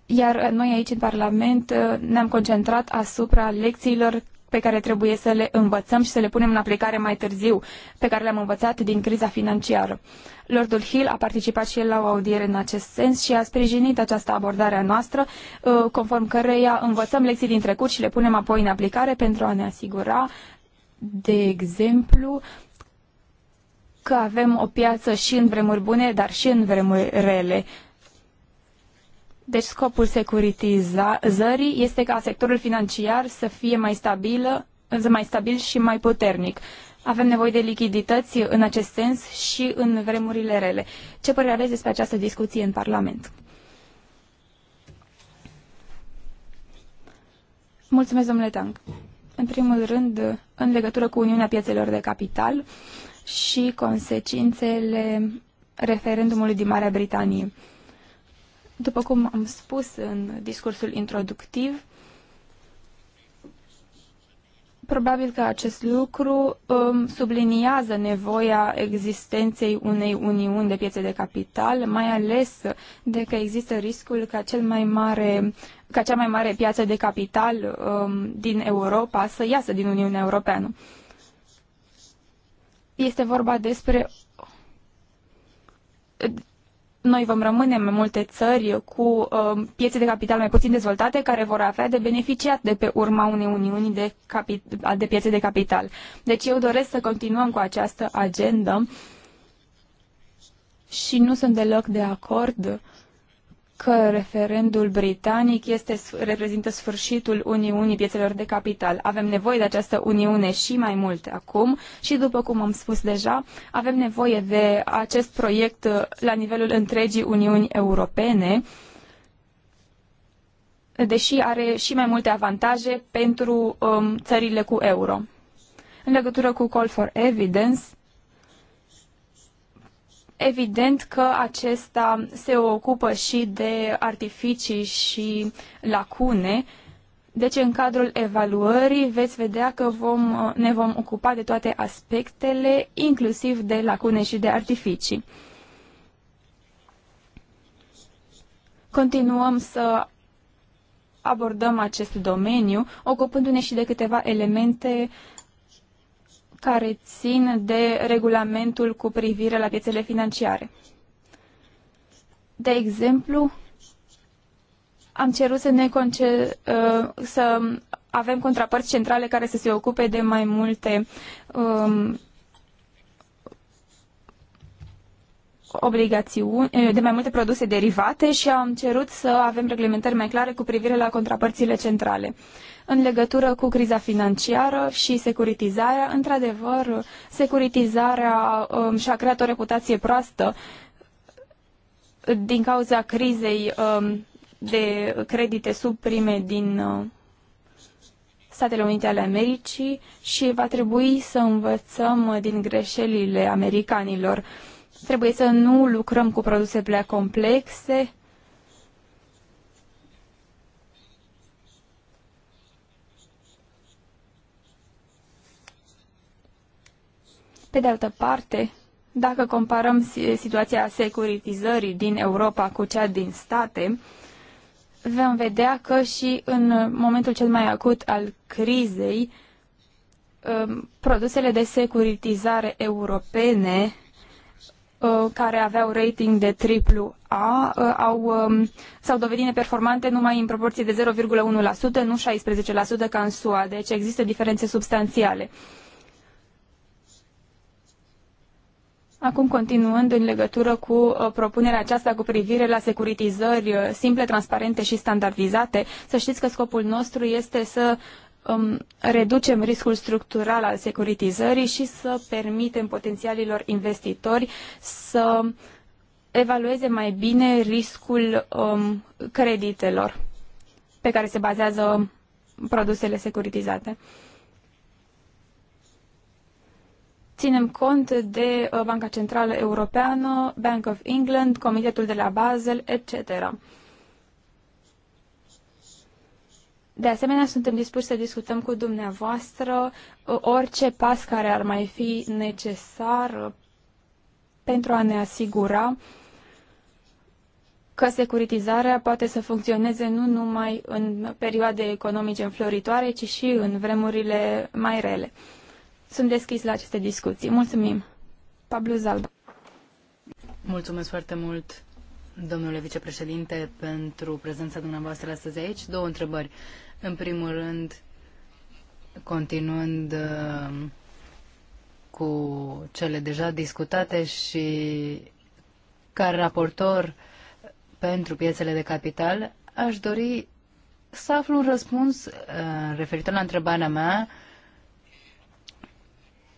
Iar noi aici în Parlament ne-am concentrat asupra lecțiilor pe care trebuie să le învățăm și să le punem în aplicare mai târziu, pe care le-am învățat din criza financiară. Lordul Hill a participat și el la o audiere în acest sens și a sprijinit această abordare a noastră, uh, conform căreia învățăm lecții din trecut și le punem apoi în aplicare pentru a ne asigura, de exemplu, că avem o piață și în vremuri bune, dar și în vremuri rele. Deci scopul securitizării este ca sectorul financiar să fie mai stabil, mai stabil și mai puternic. Avem nevoie de lichidități în acest sens și în vremurile rele. Ce părere aveți despre această discuție în Parlament? Mulțumesc, domnule Tang. În primul rând, în legătură cu Uniunea Piețelor de Capital și consecințele referendumului din Marea Britanie. După cum am spus în discursul introductiv, Probabil că acest lucru um, subliniază nevoia existenței unei uniuni de piețe de capital, mai ales de că există riscul ca, cel mai mare, ca cea mai mare piață de capital um, din Europa să iasă din Uniunea Europeană. Este vorba despre noi vom rămâne mai multe țări cu uh, piețe de capital mai puțin dezvoltate care vor avea de beneficiat de pe urma unei uniuni de, de piețe de capital. Deci eu doresc să continuăm cu această agendă și nu sunt deloc de acord că referendul britanic este, reprezintă sfârșitul Uniunii piețelor de capital. Avem nevoie de această Uniune și mai mult acum și, după cum am spus deja, avem nevoie de acest proiect uh, la nivelul întregii Uniuni Europene, deși are și mai multe avantaje pentru um, țările cu euro. În legătură cu Call for Evidence, Evident că acesta se ocupă și de artificii și lacune, deci în cadrul evaluării veți vedea că vom, ne vom ocupa de toate aspectele, inclusiv de lacune și de artificii. Continuăm să abordăm acest domeniu, ocupându-ne și de câteva elemente uh, care țin de regulamentul cu privire la piețele financiare. De exemplu, am cerut să, ne conce- uh, să avem contrapărți centrale care să se ocupe de mai multe um, obligațiuni, eh, de mai multe produse derivate și am cerut să avem reglementări mai clare cu privire la contrapărțile centrale. În legătură cu criza financiară și securitizarea, într-adevăr, securitizarea um, și-a creat o reputație proastă din cauza crizei um, de credite subprime din uh, Statele Unite ale Americii și va trebui să învățăm din greșelile americanilor. Trebuie să nu lucrăm cu produse prea complexe, Pe de altă parte, dacă comparăm situația securitizării din Europa cu cea din state, vom vedea că și în momentul cel mai acut al crizei, um, produsele de securitizare europene uh, care aveau rating de triplu A uh, au, um, s-au dovedit neperformante numai în proporție de 0,1%, nu 16% ca în SUA, deci există diferențe substanțiale. Acum, continuând în legătură cu uh, propunerea aceasta cu privire la securitizări uh, simple, transparente și standardizate, să știți că scopul nostru este să um, reducem riscul structural al securitizării și să permitem potențialilor investitori să evalueze mai bine riscul um, creditelor pe care se bazează produsele securitizate. ținem cont de uh, Banca Centrală Europeană, Bank of England, Comitetul de la Basel, etc. De asemenea, suntem dispuși să discutăm cu dumneavoastră uh, orice pas care ar mai fi necesar uh, pentru a ne asigura că securitizarea poate să funcționeze nu numai în perioade economice înfloritoare, ci și în vremurile mai rele sunt deschis la aceste discuții. Mulțumim. Pablo Zalba. Mulțumesc foarte mult, domnule vicepreședinte, pentru prezența dumneavoastră astăzi aici. Două întrebări. În primul rând, continuând cu cele deja discutate și ca raportor pentru piețele de capital, aș dori să aflu un răspuns eh, referitor la întrebarea mea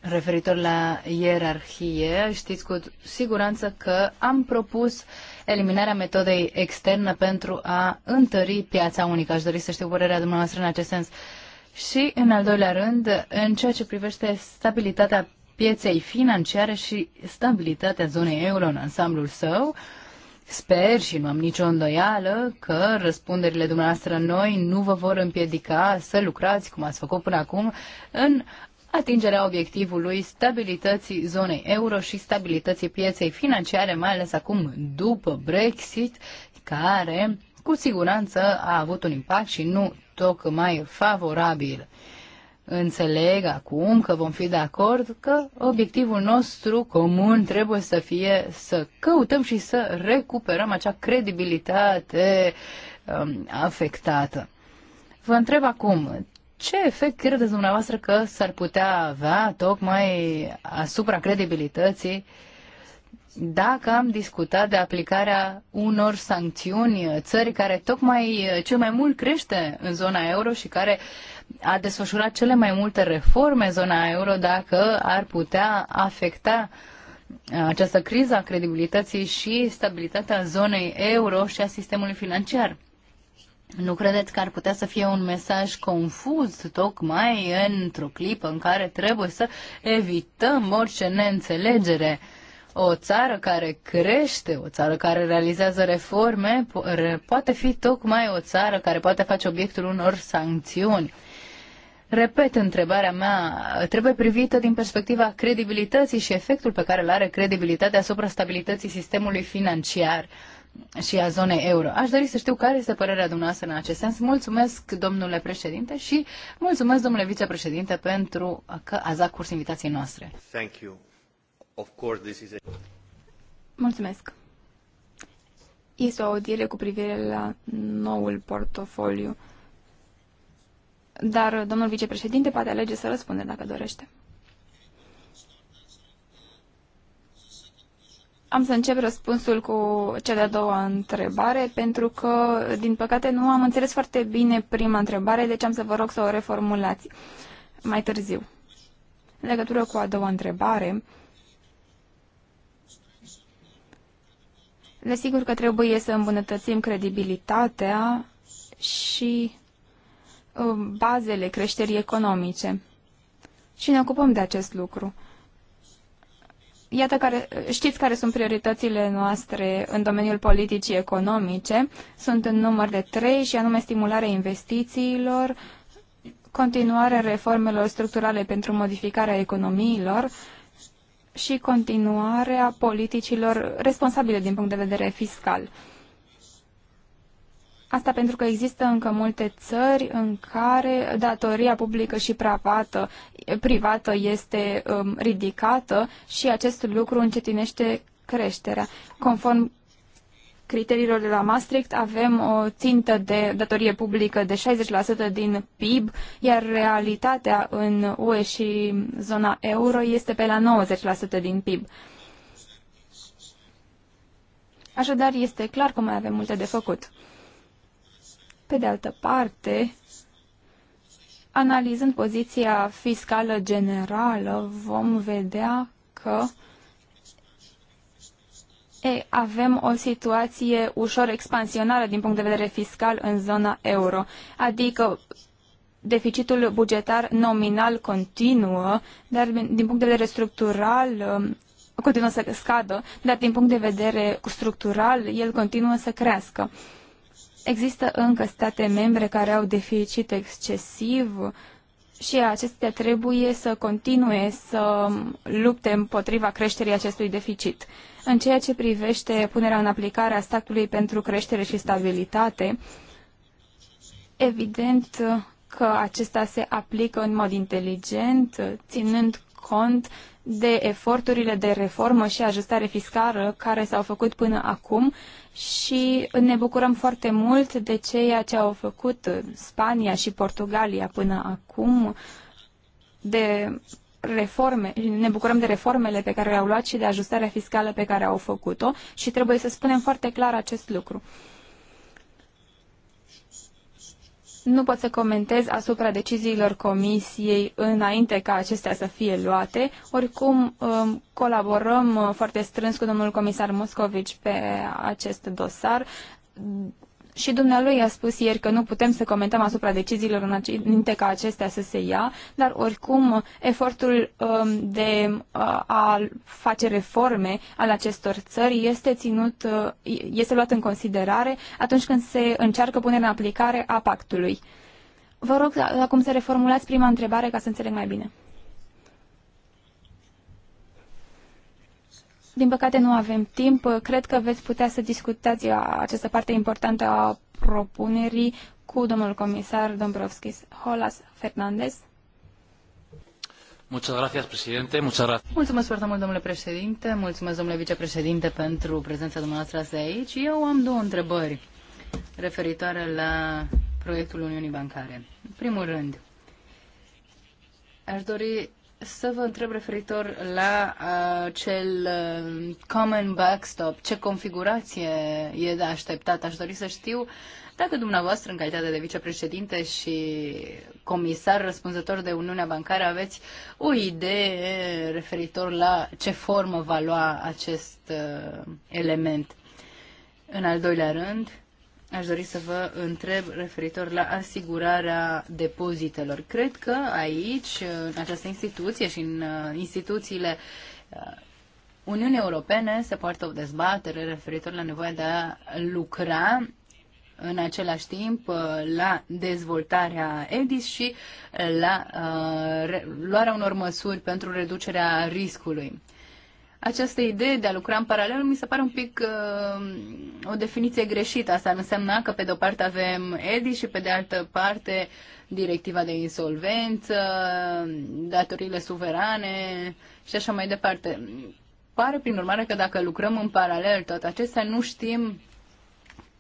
Referitor la ierarhie, știți cu siguranță că am propus eliminarea metodei externă pentru a întări piața unică. Aș dori să știu părerea dumneavoastră în acest sens. Și, în al doilea rând, în ceea ce privește stabilitatea pieței financiare și stabilitatea zonei euro în ansamblul său, Sper și nu am nicio îndoială că răspunderile dumneavoastră noi nu vă vor împiedica să lucrați, cum ați făcut până acum, în atingerea obiectivului stabilității zonei euro și stabilității pieței financiare, mai ales acum după Brexit, care cu siguranță a avut un impact și nu tocmai favorabil. Înțeleg acum că vom fi de acord că obiectivul nostru comun trebuie să fie să căutăm și să recuperăm acea credibilitate um, afectată. Vă întreb acum, ce efect credeți dumneavoastră că s-ar putea avea tocmai asupra credibilității dacă am discutat de aplicarea unor sancțiuni țări care tocmai eh, cel mai mult crește în zona euro și care a desfășurat cele mai multe reforme în zona euro, dacă ar putea afecta eh, această criză a credibilității și stabilitatea zonei euro și a sistemului financiar. Nu credeți că ar putea să fie un mesaj confuz, tocmai într-o clipă în care trebuie să evităm orice neînțelegere? O țară care crește, o țară care realizează reforme, poate fi tocmai o țară care poate face obiectul unor sancțiuni. Repet, întrebarea mea trebuie privită din perspectiva credibilității și efectul pe care îl are credibilitatea asupra stabilității sistemului financiar și a zonei euro. Aș dori să știu care este părerea dumneavoastră în acest sens. Mulțumesc, domnule președinte, și mulțumesc, domnule vicepreședinte, pentru că a dat curs invitației noastre. Thank you. Of course, this is a... Mulțumesc. Este o audiere cu privire la noul portofoliu. Dar domnul vicepreședinte poate alege să răspunde dacă dorește. Am să încep răspunsul cu cea de-a doua întrebare, pentru că, din păcate, nu am înțeles foarte bine prima întrebare, deci am să vă rog să o reformulați mai târziu. În legătură cu a doua întrebare, desigur că trebuie să îmbunătățim credibilitatea și um, bazele creșterii economice. Și ne ocupăm de acest lucru. Iată care, știți care sunt prioritățile noastre în domeniul politicii economice. Sunt în număr de trei și anume stimularea investițiilor, continuarea reformelor structurale pentru modificarea economiilor și continuarea politicilor responsabile din punct de vedere fiscal. Asta pentru că există încă multe țări în care datoria publică și privată, privată este um, ridicată și acest lucru încetinește creșterea. Conform criteriilor de la Maastricht avem o țintă de datorie publică de 60% din PIB, iar realitatea în UE și zona euro este pe la 90% din PIB. Așadar, este clar că mai avem multe de făcut. Pe de altă parte, analizând poziția fiscală generală, vom vedea că e, avem o situație ușor expansionară din punct de vedere fiscal în zona euro, adică deficitul bugetar nominal continuă, dar din punct de vedere structural um, continuă să scadă, dar din punct de vedere structural el continuă să crească. Există încă state membre care au deficit excesiv și acestea trebuie să continue să lupte împotriva creșterii acestui deficit. În ceea ce privește punerea în aplicare a statului pentru creștere și stabilitate, evident că acesta se aplică în mod inteligent, ținând cont de eforturile de reformă și ajustare fiscală care s-au făcut până acum și ne bucurăm foarte mult de ceea ce au făcut Spania și Portugalia până acum, de reforme, ne bucurăm de reformele pe care le-au luat și de ajustarea fiscală pe care au făcut-o și trebuie să spunem foarte clar acest lucru. Nu pot să comentez asupra deciziilor comisiei înainte ca acestea să fie luate. Oricum, um, colaborăm uh, foarte strâns cu domnul comisar Moscovici pe acest dosar și dumnealui a spus ieri că nu putem să comentăm asupra deciziilor înainte ca acestea să se ia, dar oricum efortul um, de uh, a face reforme al acestor țări este ținut, uh, este luat în considerare atunci când se încearcă punerea în aplicare a pactului. Vă rog acum să reformulați prima întrebare ca să înțeleg mai bine. Din păcate nu avem timp. Cred că veți putea să discutați această parte importantă a propunerii cu domnul comisar Dombrovskis. Holas Fernandez. Mulțumesc foarte mult, domnule președinte. Mulțumesc, domnule vicepreședinte, pentru prezența dumneavoastră azi aici. Eu am două întrebări referitoare la proiectul Uniunii Bancare. În primul rând, aș dori să vă întreb referitor la acel uh, uh, common backstop, ce configurație e de așteptat. Aș dori să știu dacă dumneavoastră, în calitate de vicepreședinte și comisar răspunzător de Uniunea Bancară, aveți o idee referitor la ce formă va lua acest uh, element. În al doilea rând, aș dori să vă întreb referitor la asigurarea depozitelor. Cred că aici, în această instituție și în uh, instituțiile uh, Uniunii Europene se poartă o dezbatere referitor la nevoia de a lucra în același timp uh, la dezvoltarea EDIS și la uh, luarea unor măsuri pentru reducerea riscului această idee de a lucra în paralel mi se pare un pic uh, o definiție greșită. Asta ar însemna că pe de o parte avem EDI și pe de altă parte directiva de insolvență, datorile suverane și așa mai departe. Pare prin urmare că dacă lucrăm în paralel tot acestea, nu știm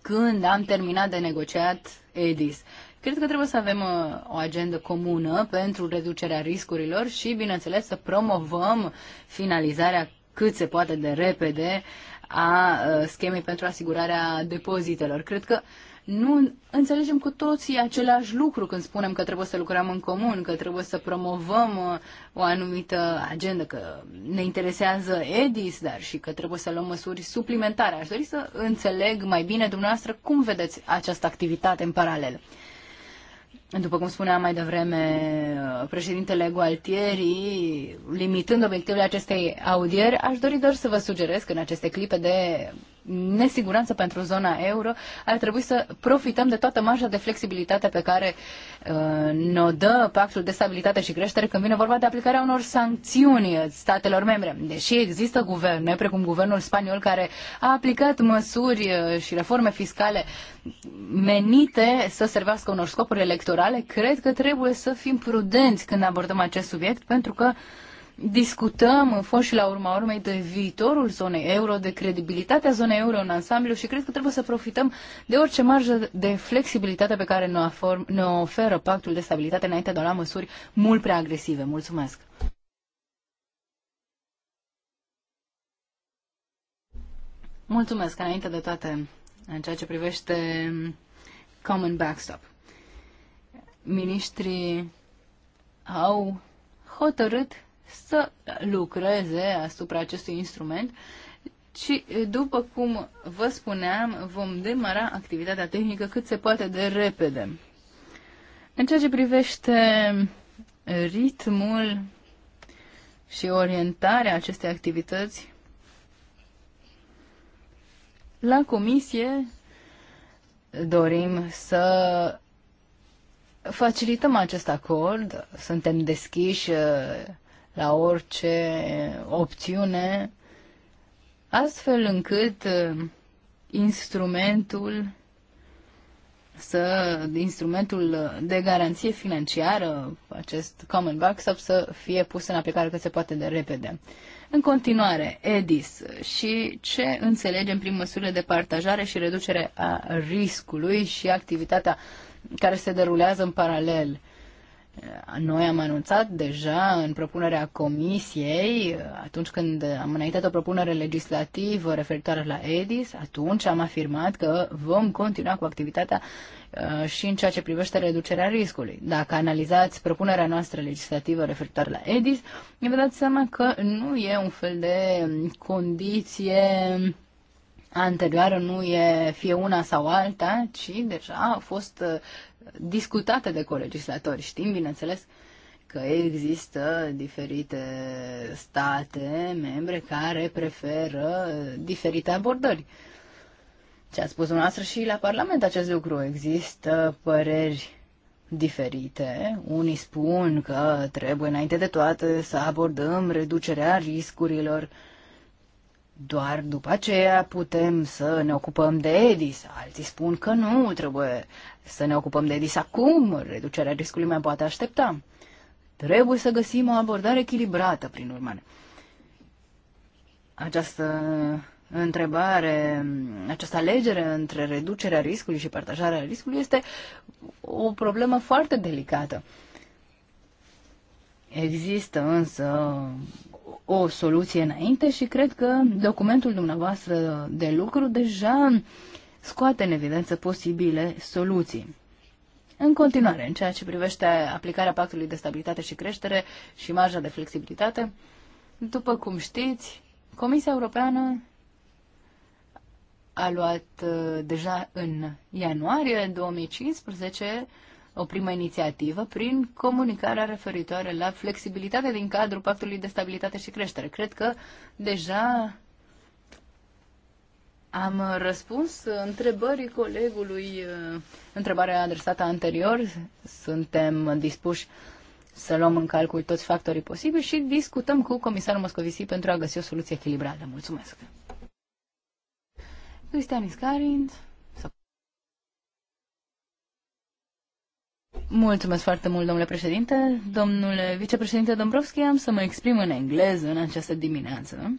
când am terminat de negociat EDIS. Cred că trebuie să avem uh, o agendă comună pentru reducerea riscurilor și, bineînțeles, să promovăm finalizarea cât se poate de repede a ă, schemei pentru asigurarea depozitelor. Cred că nu înțelegem cu toții același lucru când spunem că trebuie să lucrăm în comun, că trebuie să promovăm ă, o anumită agendă, că ne interesează EDIS, dar și că trebuie să luăm măsuri suplimentare. Aș dori să înțeleg mai bine dumneavoastră cum vedeți această activitate în paralel. După cum spuneam mai devreme uh, președintele Gualtieri, limitând obiectivele acestei audieri, aș dori doar să vă sugerez că în aceste clipe de nesiguranță pentru zona euro ar trebui să profităm de toată marja de flexibilitate pe care uh, ne dă pactul de stabilitate și creștere când vine vorba de aplicarea unor sancțiuni statelor membre. Deși există guverne, precum guvernul spaniol, care a aplicat măsuri uh, și reforme fiscale menite să servească unor scopuri electorale, structurale, cred că trebuie să fim prudenți când abordăm acest subiect, pentru că discutăm în fond și la urma urmei de viitorul zonei euro, de credibilitatea zonei euro în ansamblu și cred că trebuie să profităm de orice marjă de flexibilitate pe care ne oferă pactul de stabilitate înainte de a lua măsuri mult prea agresive. Mulțumesc! Mulțumesc înainte de toate în ceea ce privește Common Backstop. Ministrii au hotărât să lucreze asupra acestui instrument și, după cum vă spuneam, vom demara activitatea tehnică cât se poate de repede. În ceea ce privește ritmul și orientarea acestei activități, la comisie dorim să facilităm acest acord, suntem deschiși uh, la orice opțiune, astfel încât uh, instrumentul să instrumentul de garanție financiară, acest common backstop, să fie pus în aplicare cât se poate de repede. În continuare, EDIS și ce înțelegem prin măsurile de partajare și reducere a riscului și activitatea uh, care se derulează în paralel. Noi am anunțat deja în propunerea comisiei, atunci când am înaintat o propunere legislativă referitoare la EDIS, atunci am afirmat că vom continua cu activitatea uh, și în ceea ce privește reducerea riscului. Dacă analizați propunerea noastră legislativă referitoare la EDIS, vă dați seama că nu e un fel de condiție anterioară nu e fie una sau alta, ci deja a fost uh, discutată de colegislatori. Știm, bineînțeles, că există diferite state membre care preferă uh, diferite abordări. Ce a spus dumneavoastră și la Parlament acest lucru. Există păreri diferite. Unii spun că trebuie înainte de toate să abordăm reducerea riscurilor doar după aceea putem să ne ocupăm de EDIS. Alții spun că nu, trebuie să ne ocupăm de EDIS acum, reducerea riscului mai poate aștepta. Trebuie să găsim o abordare echilibrată, prin urmare. Această întrebare, această alegere între reducerea riscului și partajarea riscului este o problemă foarte delicată. Există însă o soluție înainte și cred că documentul dumneavoastră de lucru deja scoate în evidență posibile soluții. În continuare, în ceea ce privește aplicarea pactului de stabilitate și creștere și marja de flexibilitate, după cum știți, Comisia Europeană a luat uh, deja în ianuarie 2015 o primă inițiativă prin comunicarea referitoare la flexibilitate din cadrul Pactului de Stabilitate și Creștere. Cred că deja am răspuns întrebării colegului, uh, întrebarea adresată anterior. Suntem dispuși să luăm în calcul toți factorii posibili și discutăm cu comisarul Moscovici pentru a găsi o soluție echilibrată. Mulțumesc! Cristian Iscarind Mulțumesc foarte mult, domnule președinte. Domnule vicepreședinte Dombrovski, am să mă exprim în engleză în această dimineață.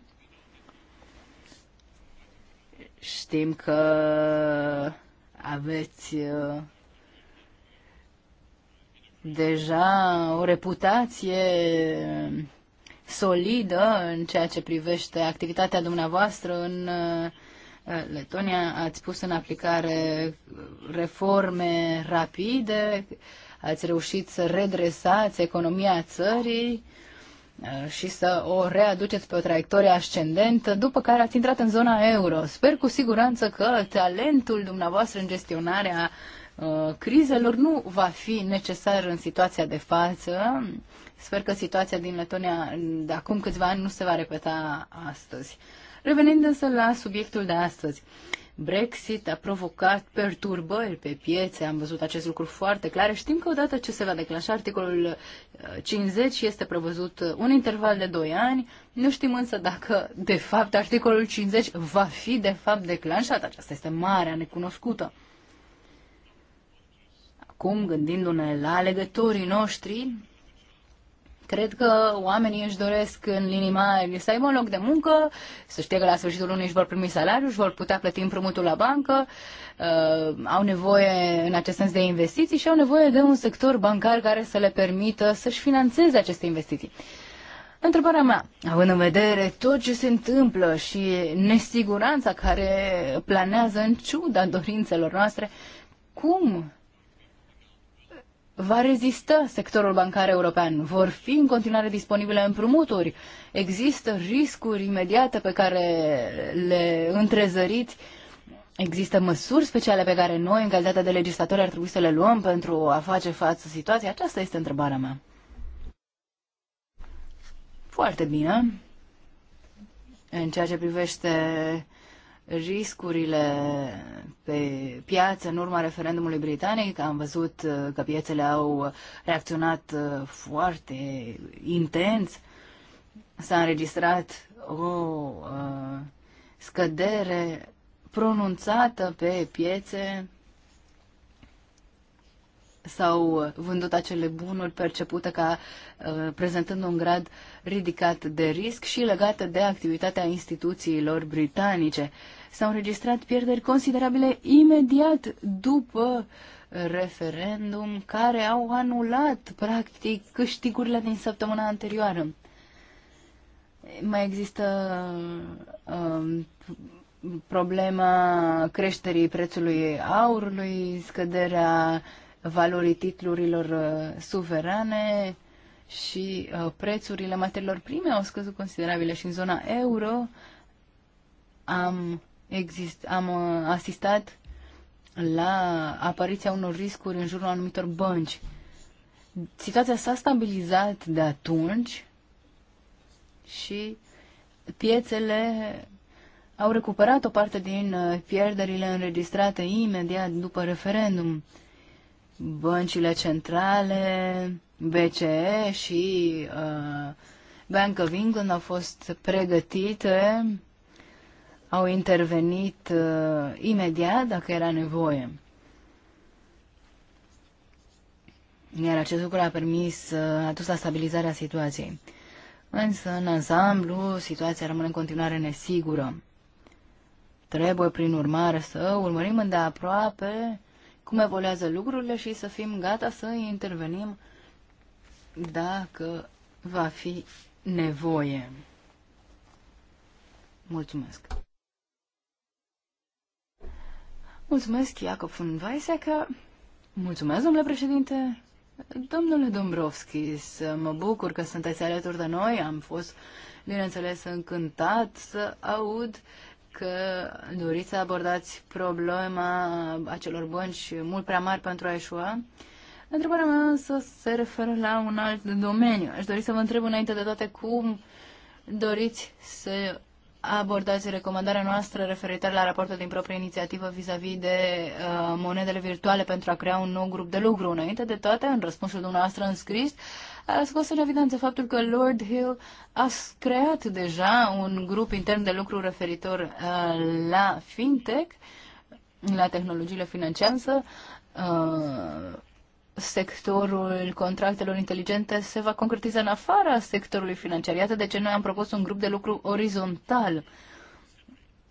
Știm că aveți uh, deja o reputație solidă în ceea ce privește activitatea dumneavoastră în uh, Letonia, ați pus în aplicare reforme rapide, ați reușit să redresați economia țării uh, și să o readuceți pe o traiectorie ascendentă, după care ați intrat în zona euro. Sper cu siguranță că talentul dumneavoastră în gestionarea uh, crizelor nu va fi necesar în situația de față. Sper că situația din Letonia de acum câțiva ani nu se va repeta astăzi. Revenind însă la subiectul de astăzi. Brexit a provocat perturbări pe piețe, am văzut acest lucru foarte clar. Știm că odată ce se va declanșa articolul 50 uh, este prevăzut uh, un interval de 2 ani, nu știm însă dacă de fapt articolul 50 va fi de fapt declanșat. Aceasta este marea necunoscută. Acum, gândindu-ne la legătorii noștri, Cred că oamenii își doresc în linii mari să aibă un loc de muncă, să știe că la sfârșitul lunii își vor primi salariul, își vor putea plăti împrumutul la bancă, uh, au nevoie în acest sens de investiții și au nevoie de un sector bancar care să le permită să-și financeze aceste investiții. Întrebarea mea, având în vedere tot ce se întâmplă și nesiguranța care planează în ciuda dorințelor noastre, cum va rezista sectorul bancar european? Vor fi în continuare disponibile împrumuturi? Există riscuri imediate pe care le întrezăriți? Există măsuri speciale pe care noi, în calitate de legislatori, ar trebui să le luăm pentru a face față situației? Aceasta este întrebarea mea. Foarte bine. În ceea ce privește riscurile pe piață în urma referendumului britanic. Am văzut uh, că piețele au reacționat uh, foarte intens. S-a înregistrat o uh, scădere pronunțată pe piețe. S-au vândut acele bunuri percepute ca prezentând un grad ridicat de risc și legate de activitatea instituțiilor britanice. Uh, s-au înregistrat pierderi considerabile imediat după referendum, care au anulat, practic, câștigurile din săptămâna anterioară. Mai există um, problema creșterii prețului aurului, scăderea valorii titlurilor uh, suverane și uh, prețurile materiilor prime au scăzut considerabile și în zona euro am exist, am uh, asistat la apariția unor riscuri în jurul anumitor bănci. Situația s-a stabilizat de atunci și piețele au recuperat o parte din uh, pierderile înregistrate imediat după referendum. Băncile centrale, BCE și uh, Bank of England au fost pregătite au intervenit uh, imediat dacă era nevoie. Iar acest lucru a permis, uh, a dus la stabilizarea situației. Însă, în ansamblu, situația rămâne în continuare nesigură. Trebuie, prin urmare, să urmărim îndeaproape cum evoluează lucrurile și să fim gata să intervenim dacă va fi nevoie. Mulțumesc! Mulțumesc, Iacob von Weissecker. Mulțumesc, domnule președinte. Domnule Să mă bucur că sunteți alături de noi. Am fost, bineînțeles, încântat să aud că doriți să abordați problema acelor bănci mult prea mari pentru a ieșua. Întrebarea mea însă se referă la un alt domeniu. Aș dori să vă întreb înainte de toate cum doriți să abordați recomandarea noastră referitoare la raportul din proprie inițiativă vis-a-vis -vis de uh, monedele virtuale pentru a crea un nou grup de lucru. Înainte de toate, în răspunsul dumneavoastră înscris, a scos în evidență faptul că Lord Hill a creat deja un grup intern de lucru referitor uh, la fintech, la tehnologiile financiare, uh, sectorul contractelor inteligente se va concretiza în afara sectorului financiar. Iată de ce noi am propus un grup de lucru orizontal.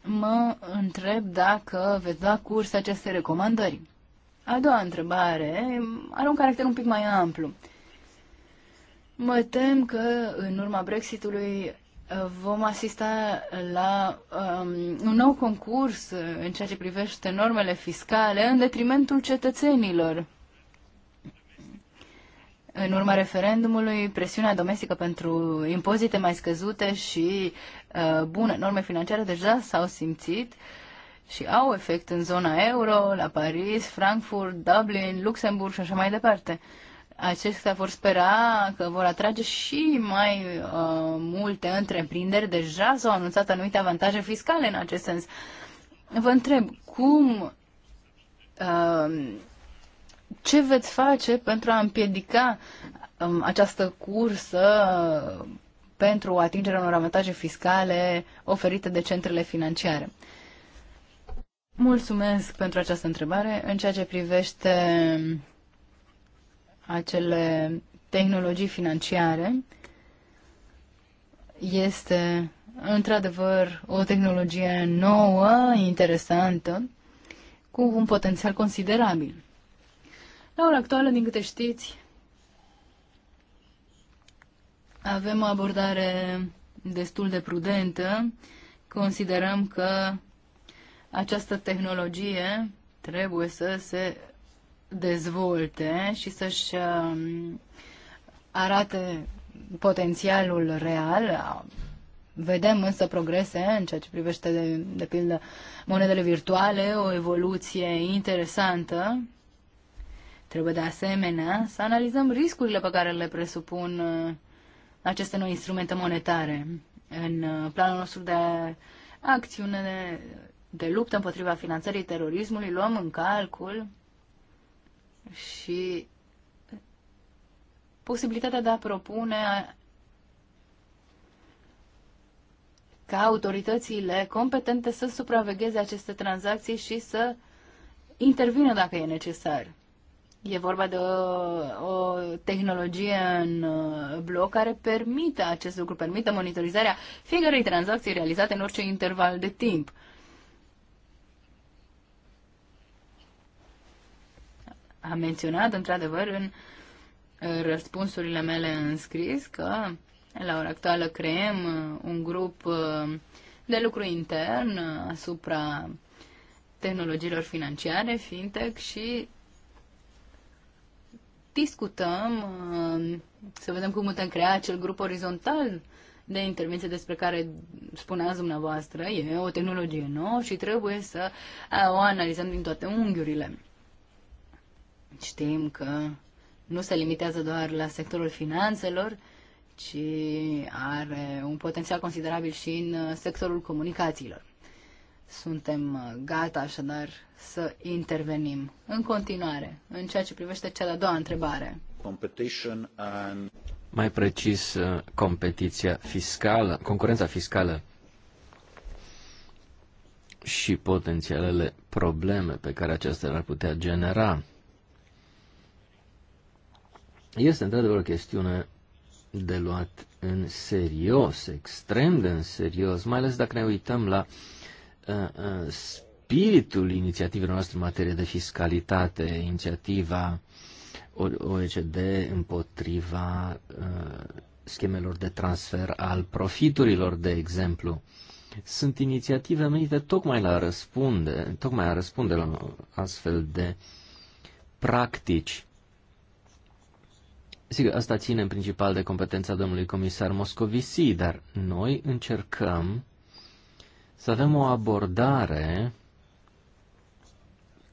Mă întreb dacă veți da curs aceste recomandări. A doua întrebare are un caracter un pic mai amplu. Mă tem că în urma Brexitului uh, vom asista la um, un nou concurs uh, în ceea ce privește normele fiscale în detrimentul cetățenilor în urma referendumului, presiunea domestică pentru impozite mai scăzute și uh, bune norme financiare deja s-au simțit și au efect în zona euro, la Paris, Frankfurt, Dublin, Luxemburg și așa mai departe. Acestea vor spera că vor atrage și mai uh, multe întreprinderi. Deja s-au anunțat anumite avantaje fiscale în acest sens. Vă întreb, cum uh, ce veți face pentru a împiedica um, această cursă pentru atingerea unor avantaje fiscale oferite de centrele financiare? Mulțumesc pentru această întrebare. În ceea ce privește acele tehnologii financiare, este într-adevăr o tehnologie nouă, interesantă, cu un potențial considerabil. La ora actuală, din câte știți, avem o abordare destul de prudentă. Considerăm că această tehnologie trebuie să se dezvolte și să-și um, arate potențialul real. Vedem însă progrese în ceea ce privește, de, de pildă, monedele virtuale, o evoluție interesantă Trebuie de asemenea să analizăm riscurile pe care le presupun uh, aceste noi instrumente monetare în uh, planul nostru de acțiune de, luptă împotriva finanțării terorismului. Luăm în calcul și posibilitatea de a propune ca autoritățile competente să supravegheze aceste tranzacții și să intervină dacă e necesar. E vorba de uh, o tehnologie în uh, bloc care permite acest lucru, permite monitorizarea fiecărei tranzacții realizate în orice interval de timp. Am menționat, într-adevăr, în uh, răspunsurile mele în scris că la ora actuală creăm un grup de lucru intern asupra tehnologiilor financiare, fintech și discutăm, um, să vedem cum putem crea acel grup orizontal de intervenție despre care spuneați dumneavoastră. E o tehnologie nouă și trebuie să uh, o analizăm din toate unghiurile. Știm că nu se limitează doar la sectorul finanțelor, ci are un potențial considerabil și în uh, sectorul comunicațiilor. Suntem uh, gata așadar să intervenim. În continuare, în ceea ce privește cea de-a doua întrebare. And... Mai precis, uh, competiția fiscală, concurența fiscală și potențialele probleme pe care acestea ar putea genera. Este într-adevăr o chestiune de luat în serios, extrem de în serios, mai ales dacă ne uităm la uh, spiritul inițiativelor noastre în materie de fiscalitate, inițiativa OECD împotriva schemelor de transfer al profiturilor, de exemplu. Sunt inițiative menite tocmai la răspunde, tocmai a răspunde la astfel de practici. Sigur, asta ține în principal de competența domnului comisar Moscovici, dar noi încercăm să avem o abordare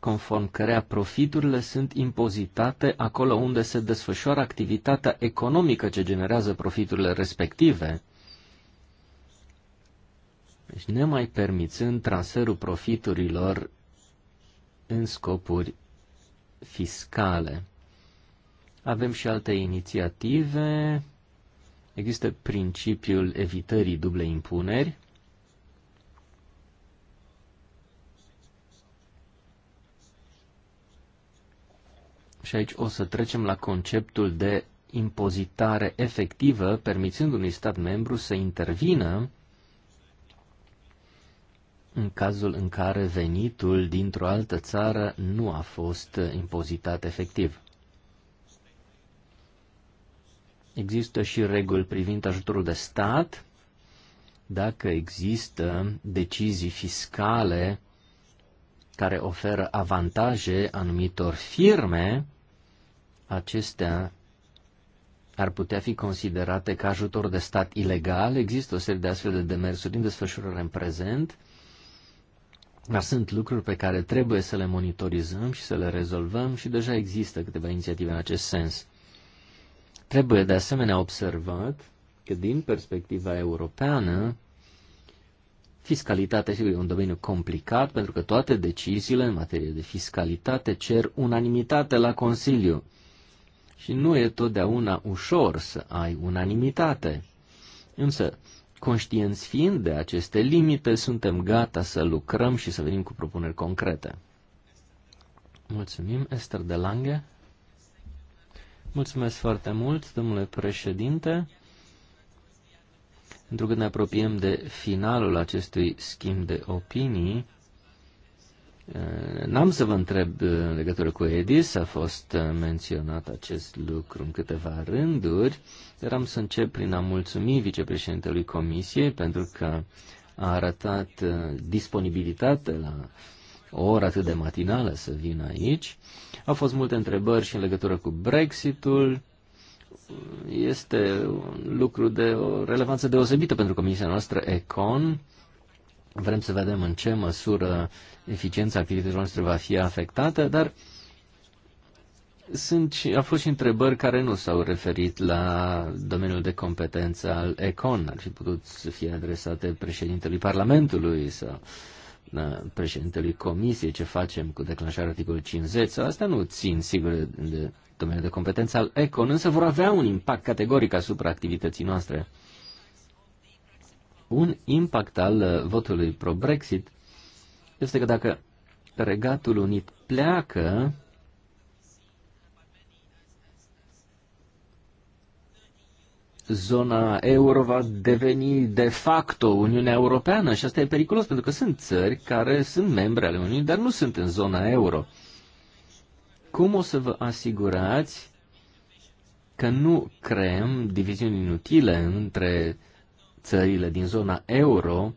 conform cărea profiturile sunt impozitate acolo unde se desfășoară activitatea economică ce generează profiturile respective, deci nemai permițând transferul profiturilor în scopuri fiscale. Avem și alte inițiative. Există principiul evitării dublei impuneri. Și aici o să trecem la conceptul de impozitare efectivă, permițând unui stat membru să intervină în cazul în care venitul dintr-o altă țară nu a fost impozitat efectiv. Există și reguli privind ajutorul de stat dacă există decizii fiscale care oferă avantaje anumitor firme acestea ar putea fi considerate ca ajutor de stat ilegal. Există o serie de astfel de demersuri în desfășurare în prezent, dar sunt lucruri pe care trebuie să le monitorizăm și să le rezolvăm și deja există câteva inițiative în acest sens. Trebuie de asemenea observat că din perspectiva europeană, fiscalitatea sigur e un domeniu complicat pentru că toate deciziile în materie de fiscalitate cer unanimitate la Consiliu. Și nu e totdeauna ușor să ai unanimitate. Însă, conștienți fiind de aceste limite, suntem gata să lucrăm și să venim cu propuneri concrete. Mulțumim, Esther de Lange. Mulțumesc foarte mult, domnule președinte. Pentru că ne apropiem de finalul acestui schimb de opinii, N-am să vă întreb uh, în legătură cu Edis, a fost uh, menționat acest lucru în câteva rânduri, dar am să încep prin a mulțumi vicepreședintelui Comisiei pentru că a arătat uh, disponibilitate la o oră atât de matinală să vină aici. Au fost multe întrebări și în legătură cu Brexitul. Este un lucru de o relevanță deosebită pentru Comisia noastră Econ. Vrem să vedem în ce măsură eficiența activităților noastre va fi afectată, dar sunt și, au fost și întrebări care nu s-au referit la domeniul de competență al ECON. Ar fi putut să fie adresate președintelui Parlamentului sau președintelui Comisiei ce facem cu declanșarea articolului 50. Sau asta nu țin, sigur, de domeniul de competență al ECON, însă vor avea un impact categoric asupra activității noastre. Un impact al uh, votului pro-Brexit este că dacă Regatul Unit pleacă, zona euro va deveni de facto Uniunea Europeană și asta e periculos pentru că sunt țări care sunt membre ale Uniunii, dar nu sunt în zona euro. Cum o să vă asigurați că nu creăm diviziuni inutile între țările din zona euro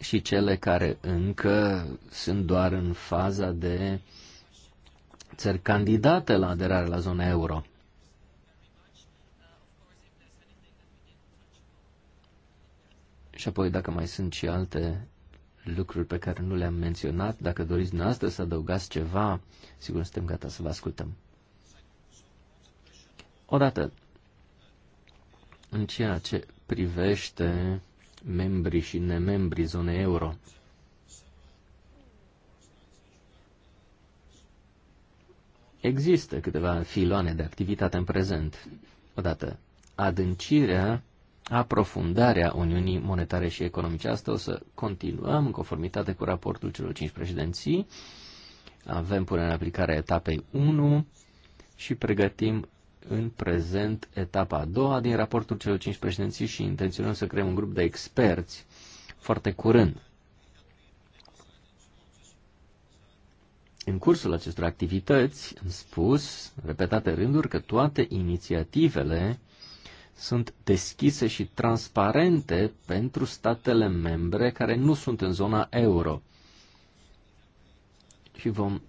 și cele care încă sunt doar în faza de țări candidate la aderare la zona euro. Și apoi, dacă mai sunt și alte lucruri pe care nu le-am menționat, dacă doriți dumneavoastră să adăugați ceva, sigur suntem gata să vă ascultăm. Odată, în ceea ce privește membrii și nemembrii zone euro. Există câteva filoane de activitate în prezent. Odată, adâncirea, aprofundarea Uniunii Monetare și Economice. Asta o să continuăm în conformitate cu raportul celor cinci președinții. Avem până în aplicare etapei 1 și pregătim în prezent etapa a doua din raportul celor cinci președinții și intenționăm să creăm un grup de experți foarte curând. În cursul acestor activități am spus, repetate rânduri, că toate inițiativele sunt deschise și transparente pentru statele membre care nu sunt în zona euro. Și vom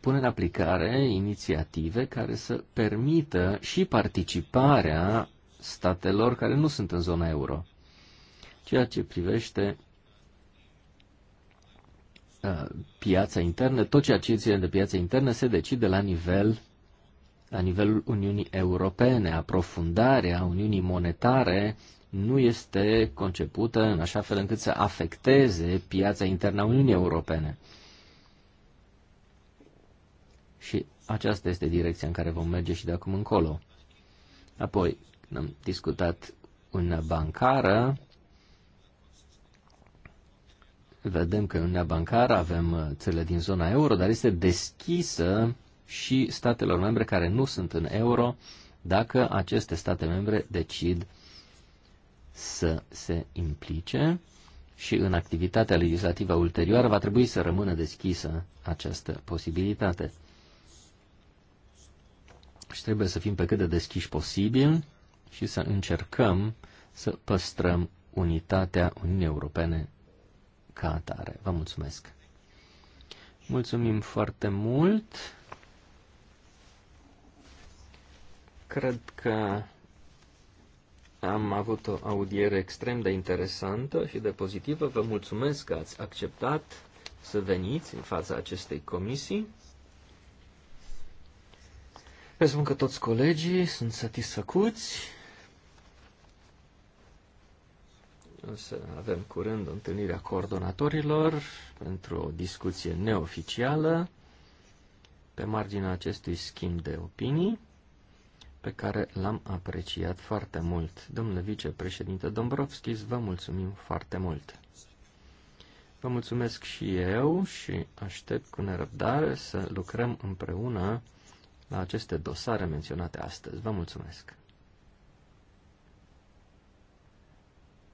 pune în aplicare inițiative care să permită și participarea statelor care nu sunt în zona euro. Ceea ce privește uh, piața internă, tot ceea ce ține de piața internă se decide la nivel la nivelul Uniunii Europene. Aprofundarea Uniunii Monetare nu este concepută în așa fel încât să afecteze piața internă a Uniunii Europene. Și aceasta este direcția în care vom merge și de acum încolo. Apoi, când am discutat una Bancară, vedem că una Bancară avem uh, țările din zona euro, dar este deschisă și statelor membre care nu sunt în euro, dacă aceste state membre decid să se implice și în activitatea legislativă ulterioară va trebui să rămână deschisă această posibilitate. Și trebuie să fim pe cât de deschiși posibil și să încercăm să păstrăm unitatea Uniunii Europene ca atare. Vă mulțumesc! Mulțumim foarte mult! Cred că am avut o audiere extrem de interesantă și de pozitivă. Vă mulțumesc că ați acceptat să veniți în fața acestei comisii. Presupun că toți colegii sunt satisfăcuți. O să avem curând o întâlnire coordonatorilor pentru o discuție neoficială pe marginea acestui schimb de opinii pe care l-am apreciat foarte mult. Domnule vicepreședinte Dombrovskis, vă mulțumim foarte mult. Vă mulțumesc și eu și aștept cu nerăbdare să lucrăm împreună la aceste dosare menționate astăzi. Vă mulțumesc!